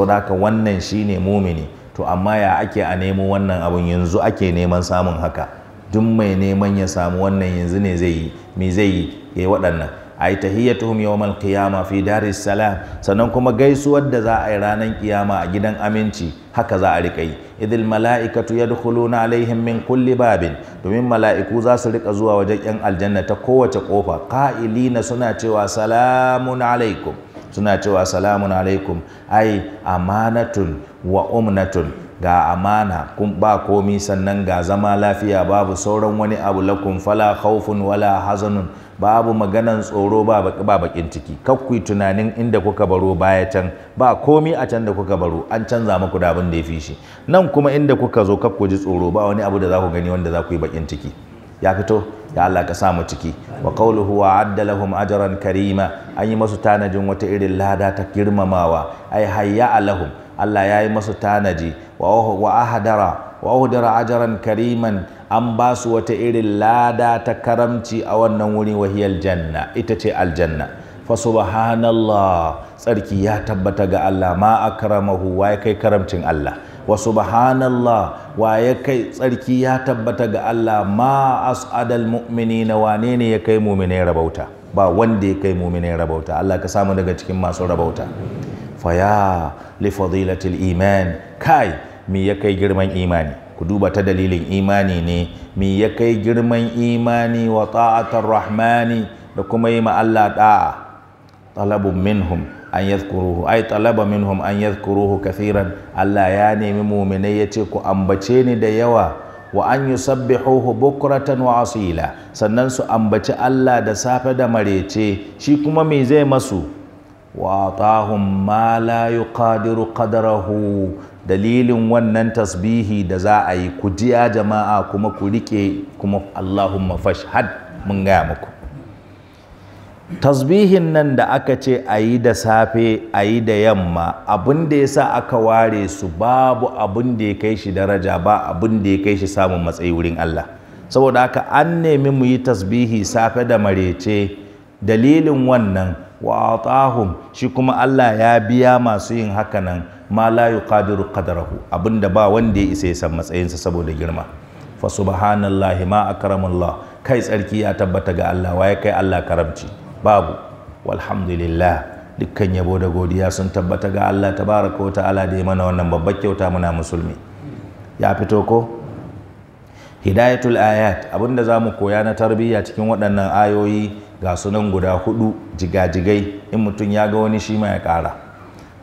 A: da haka wannan shine mumini to amma ya ake a nemo wannan abun yanzu ake neman samun haka duk mai neman ya samu wannan yanzu ne zai yi me zai yi yi waɗannan ai tahiyyatuhum yawmal qiyama fi daris salam sannan kuma gaisuwar da za a yi ranar kiyama a gidan aminci haka za a riƙa yi idil mala'ikatu yadkhuluna alaihim min kulli babin domin mala'iku za su riƙa zuwa wajen yan aljanna ta kowace kofa qa'ilina suna cewa salamun alaikum suna cewa salamun alaikum ai amanatun wa umnatun ga amana kun ba komi sannan ga zama lafiya babu sauran wani abu lakum fala khawfun wala hazanun babu maganan tsoro ba ba bakin ciki kakkui tunanin inda kuka baro baya can ba komi a can da kuka baro an canza muku da abin da ya fi shi nan kuma inda kuka zo kakku ji tsoro ba wani abu da za ku gani wanda za ku yi bakin ciki ya fito ya Allah ka samu ciki wa qawluhu wa adda lahum ajran karima an yi masu tanajin wata irin lada ta girmamawa ai hayya lahum Allah ya yi masu tanaji wa ahadara wa ahdara ajran kariman an ba su wata irin lada ta karamci a wannan wuri wahiyar janna ita ce aljanna fa subhanallah tsarki ya tabbata ga Allah ma akramahu wai kai karamcin Allah wa subhanallah wa ya kai tsarki ya tabbata ga Allah ma as'adal na wane ne ya kai mu'minai rabauta ba wanda ya kai mu'minai rabauta Allah ka samu daga cikin masu rabauta ya li fadilatil iman kai mi ya kai girman imani ku duba ta dalilin imani ne Mi ya kai girman imani wa ta'atar rahmani da kuma yi ma Allah da'a talabun minhum an yadhkuruhu ai talaba minhum an yadhkuruhu kathiran Allah ya nemi mu'minai yace ku ambace ni da yawa wa an yusabbihuhu bukratan wa asila sannan su ambaci Allah da safe da marece shi kuma me zai masu wa atahum ma la yuqadiru qadarahu dalilin wannan tasbihi da za a yi ku jiya jama'a kuma ku rike kuma Allahumma fashhad mun gaya muku tasbihin nan da aka ce a yi da safe a yi da yamma abin da ya sa aka ware su babu abin da ya kai shi daraja ba abin da ya kai shi samun matsayi wurin Allah saboda haka an nemi mu yi tasbihi safe da marece dalilin wannan wa atahum shi kuma Allah ya biya masu yin haka nan ma la yuqadiru qadarahu abin da ba wanda ya isa ya san matsayinsa saboda girma fa subhanallahi ma akramullah kai tsarki ya tabbata ga Allah ya kai Allah karamci babu walhamdulillah dukkan yabo da godiya sun tabbata ga Allah tabaraka wa ta'ala da ya mana wannan babbar kyauta muna musulmi ya fito ko hidayatul ayat abinda za mu koya na tarbiyya cikin waɗannan ayoyi ga sunan guda hudu jigajigai in mutum ya ga wani shi ma ya ƙara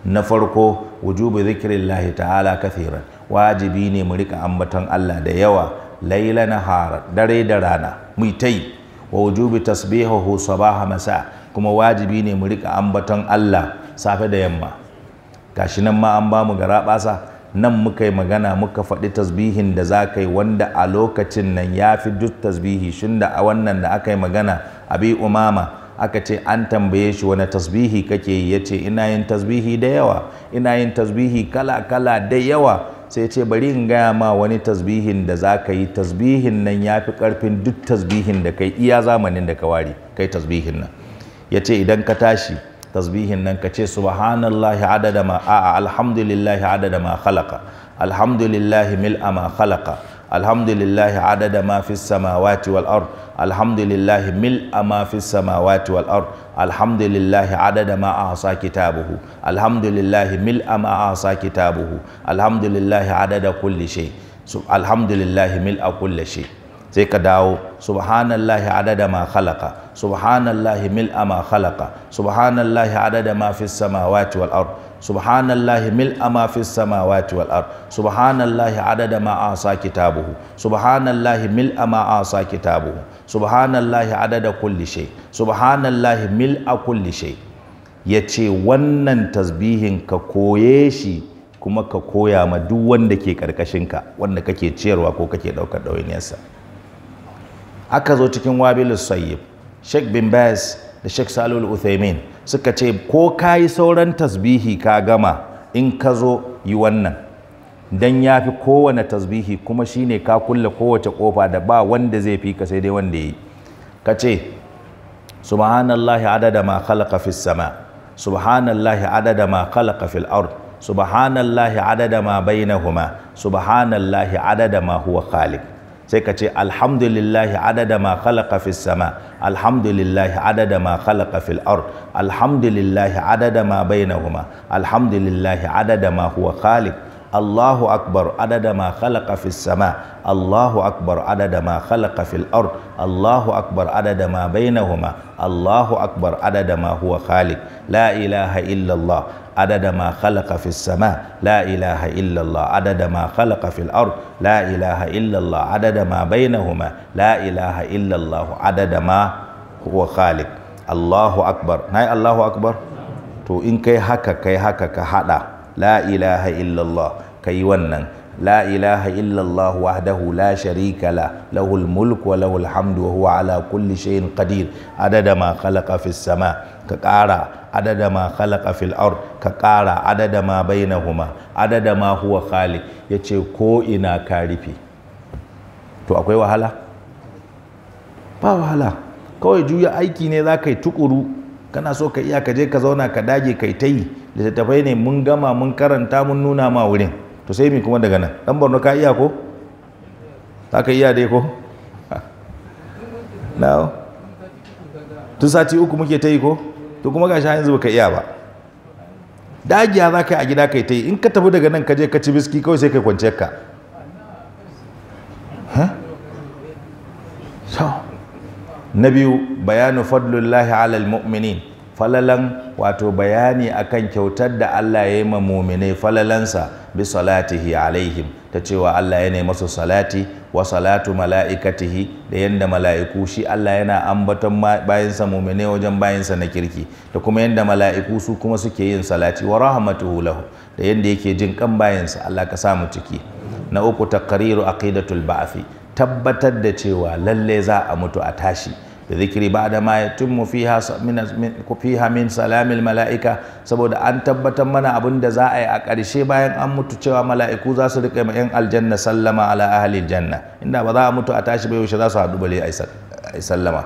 A: na farko wujubu zikirillahi ta'ala kathiran wajibi ne mu rika ambaton Allah da yawa laila nahara dare da rana mu yi wa wujubi tasbihahu sabaha masa kuma wajibi ne mu rika ambaton Allah safe da yamma gashi nan ma an ba mu gara basa nan muka yi magana muka faɗi tasbihin da za ka yi wanda a lokacin nan ya fi duk tasbihi shin da a wannan da aka yi magana abi umama aka ce an tambaye shi wani tasbihi kake yi ya ce ina yin tasbihi da yawa ina yin tasbihi kala kala da yawa sai ce bari in gaya ma wani tasbihin da za ka yi tasbihin nan ya fi ƙarfin duk tasbihin da kai iya zamanin da ka ware kai tasbihin nan ya ce idan ka tashi tasbihin nan ka ce subhanallahi adada ma a'a alhamdulillahi adada ma khalaqa alhamdulillahi mil'a ma khalaqa alhamdulillahi adada ma fi samawati wal ard alhamdulillahi mil ma fi samawati wal ard alhamdulillahi adada ma ahsa kitabuhu alhamdulillahi mil ma ahsa kitabuhu alhamdulillahi adada kulli shay alhamdulillahi mil kulli shay sai ka dawo subhanallahi adada ma khalaqa subhanallahi mil'a ma khalaqa subhanallahi adada ma fis samawati wal ard subhanallahi mil'a ma fis samawati wal ard subhanallahi adada ma asa kitabuhu subhanallahi mil'a ma asa kitabuhu subhanallahi adada kulli shay subhanallahi mil'a kulli shay yace wannan tasbihin ka koye shi kuma ka koya ma duk wanda ke karkashinka wanda kake ciyarwa ko kake daukar ɗawainiyarsa aka zo cikin wabilus sayyib Sheikh bin Baz da Sheikh Salul Uthaymin suka ce ko ka yi sauran tasbihi ka gama in ka zo yi wannan dan ya fi kowane tasbihi kuma shine ka kulle kowace kofa da ba wanda zai fi ka sai dai wanda yi ka ce subhanallahi adada ma khalaqa fis sama subhanallahi adada ma khalaqa fil ard subhanallahi adada ma bainahuma subhanallahi adada ma huwa khaliq sai ka ce alhamdulillahi adada ma khalaqa fis sama alhamdulillahi adada ma khalaqa fil ard alhamdulillahi adada ma bainahuma alhamdulillahi adada ma huwa khaliq Allahu akbar adada ma khalaqa fis Allahu akbar adada ma khalaqa fil Allahu akbar adada ma huma Allahu akbar adada ma huwa khaliq la ilaha illallah adada ma khalaqa fis sama la ilaha illallah adada ma khalaqa fil ard la ilaha illallah adada ma bainahuma la ilaha illallah adada ma huwa khaliq Allahu akbar nayi Allahu akbar to in kai haka kai haka ka haɗa la ilaha illallah kai wannan la ilaha illallahu wahdahu la sharika la lahul mulk wa lahul hamdu wa huwa ala kulli shay'in kadir adada ma khalaqa fis sama ka ƙara adada ma khalaqa fil ard ka ƙara adada ma bainahuma adada ma huwa khaliq yace ko ina ka rufe to akwai wahala ba wahala kawai juya aiki ne za ka yi tukuru kana so ka iya ka je ka zauna ka dage kai ta yi littattafai ne mun gama mun karanta mun nuna ma wurin to sai min kuma daga nan dan borno ka iya ko za ka iya dai ko now tun sati uku muke ta yi ko to kuma gashi yanzu baka iya ba dagiya za ka yi a gida kai ta yi in ka tafi daga nan ka je ka ci biski kawai sai ka kwanciyar ka na biyu bayanu fadlullahi alal mu'minin falalan wato bayani akan kyautar da Allah ya yi ma muminai falalansa bi salatihi alaihim ta cewa Allah yana masu salati wa salatu mala'ikatihi da yanda mala'iku shi Allah yana ambaton bayansa muminai wajen bayansa na kirki da kuma yanda mala'iku su kuma suke yin salati wa rahmatuhu lahu da yanda yake jin kan bayansa Allah ka samu ciki na uku taqriru aqidatul ba'fi tabbatar da cewa lalle za a mutu a tashi bidhikri ba'da ma yatimmu fiha min fiha min salamil malaika saboda an tabbatar mana abun da za a yi a ƙarshe bayan an mutu cewa mala'iku za su rika yan aljanna sallama ala ahli janna inda ba za a mutu a tashi ba yaushe za su haɗu bale ai sallama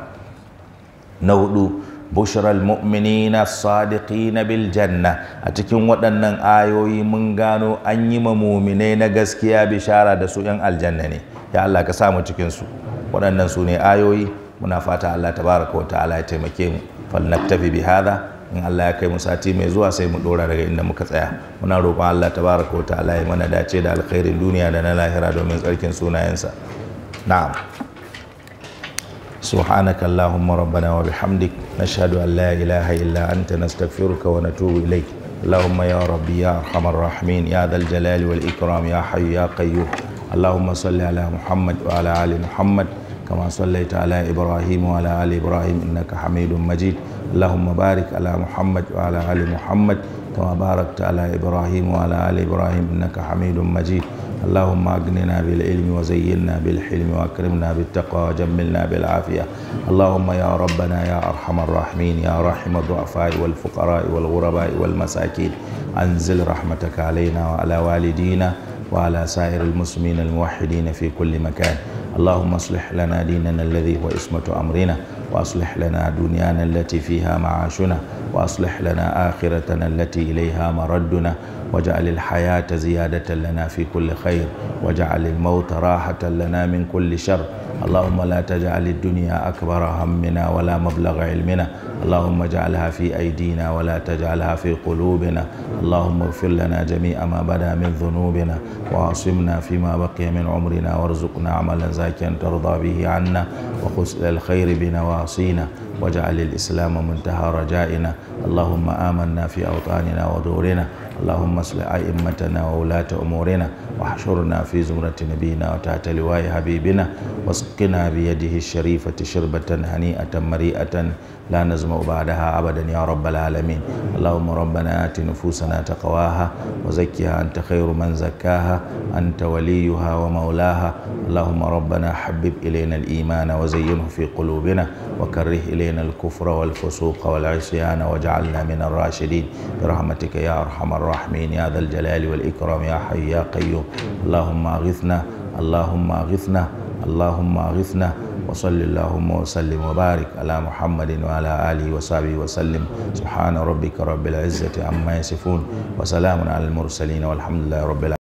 A: na hudu bushral mu'minina sadiqina janna a cikin waɗannan ayoyi mun gano an yi ma muminai na gaskiya bishara da su 'yan aljanna ne ya Allah ka mu cikin su waɗannan su ne ayoyi muna fata Allah tabaraka wa ta'ala ya taimake mu falnaktafi bi hadha in Allah ya kai mu sati mai zuwa sai mu dora daga inda muka tsaya muna roƙon Allah tabaraka wa ta'ala ya mana dace da alkhairin duniya da na lahira domin tsarkin sunayensa na'am سبحانك اللهم ربنا وبحمدك نشهد أن لا إله إلا أنت نستغفرك ونتوب إليك اللهم يا ربي يا أرحم الراحمين يا ذا الجلال والإكرام يا حي يا قيوم اللهم صل على محمد وعلى آل محمد كما صليت على إبراهيم وعلى آل إبراهيم إنك حميد مجيد اللهم بارك على محمد وعلى آل محمد كما باركت على إبراهيم وعلى آل إبراهيم إنك حميد مجيد اللهم أغننا بالعلم وزينا بالحلم وأكرمنا بالتقوى وجملنا بالعافية اللهم يا ربنا يا أرحم الراحمين يا راحم الضعفاء والفقراء والغرباء والمساكين أنزل رحمتك علينا وعلى والدينا وعلى سائر المسلمين الموحدين في كل مكان اللهم اصلح لنا ديننا الذي هو عصمة أمرنا وأصلح لنا دنيانا التي فيها معاشنا وأصلح لنا آخرتنا التي إليها مردنا واجعل الحياة زيادة لنا في كل خير واجعل الموت راحة لنا من كل شر اللهم لا تجعل الدنيا أكبر همنا ولا مبلغ علمنا اللهم اجعلها في أيدينا ولا تجعلها في قلوبنا اللهم اغفر لنا جميع ما بدا من ذنوبنا وعصمنا فيما بقي من عمرنا وارزقنا عملا زاكيا ترضى به عنا وخسل الخير بنواصينا واجعل الإسلام منتهى رجائنا اللهم آمنا في أوطاننا ودورنا اللهم اصلح ائمتنا وولاة امورنا واحشرنا في زمرة نبينا وتحت لواء حبيبنا واسقنا بيده الشريفة شربة هنيئة مريئة لا نزمع بعدها ابدا يا رب العالمين اللهم ربنا ات نفوسنا تقواها وزكها انت خير من زكاها انت وليها ومولاها اللهم ربنا حبب الينا الايمان وزينه في قلوبنا وكره الينا الكفر والفسوق والعصيان واجعلنا من الراشدين برحمتك يا ارحم الراحمين الراحمين يا ذا الجلال والإكرام يا حي يا قيوم اللهم أغثنا اللهم أغثنا اللهم أغثنا وصل اللهم وسلم وبارك على محمد وعلى آله وصحبه وسلم سبحان ربك رب العزة عما يصفون وسلام على المرسلين والحمد لله رب العالمين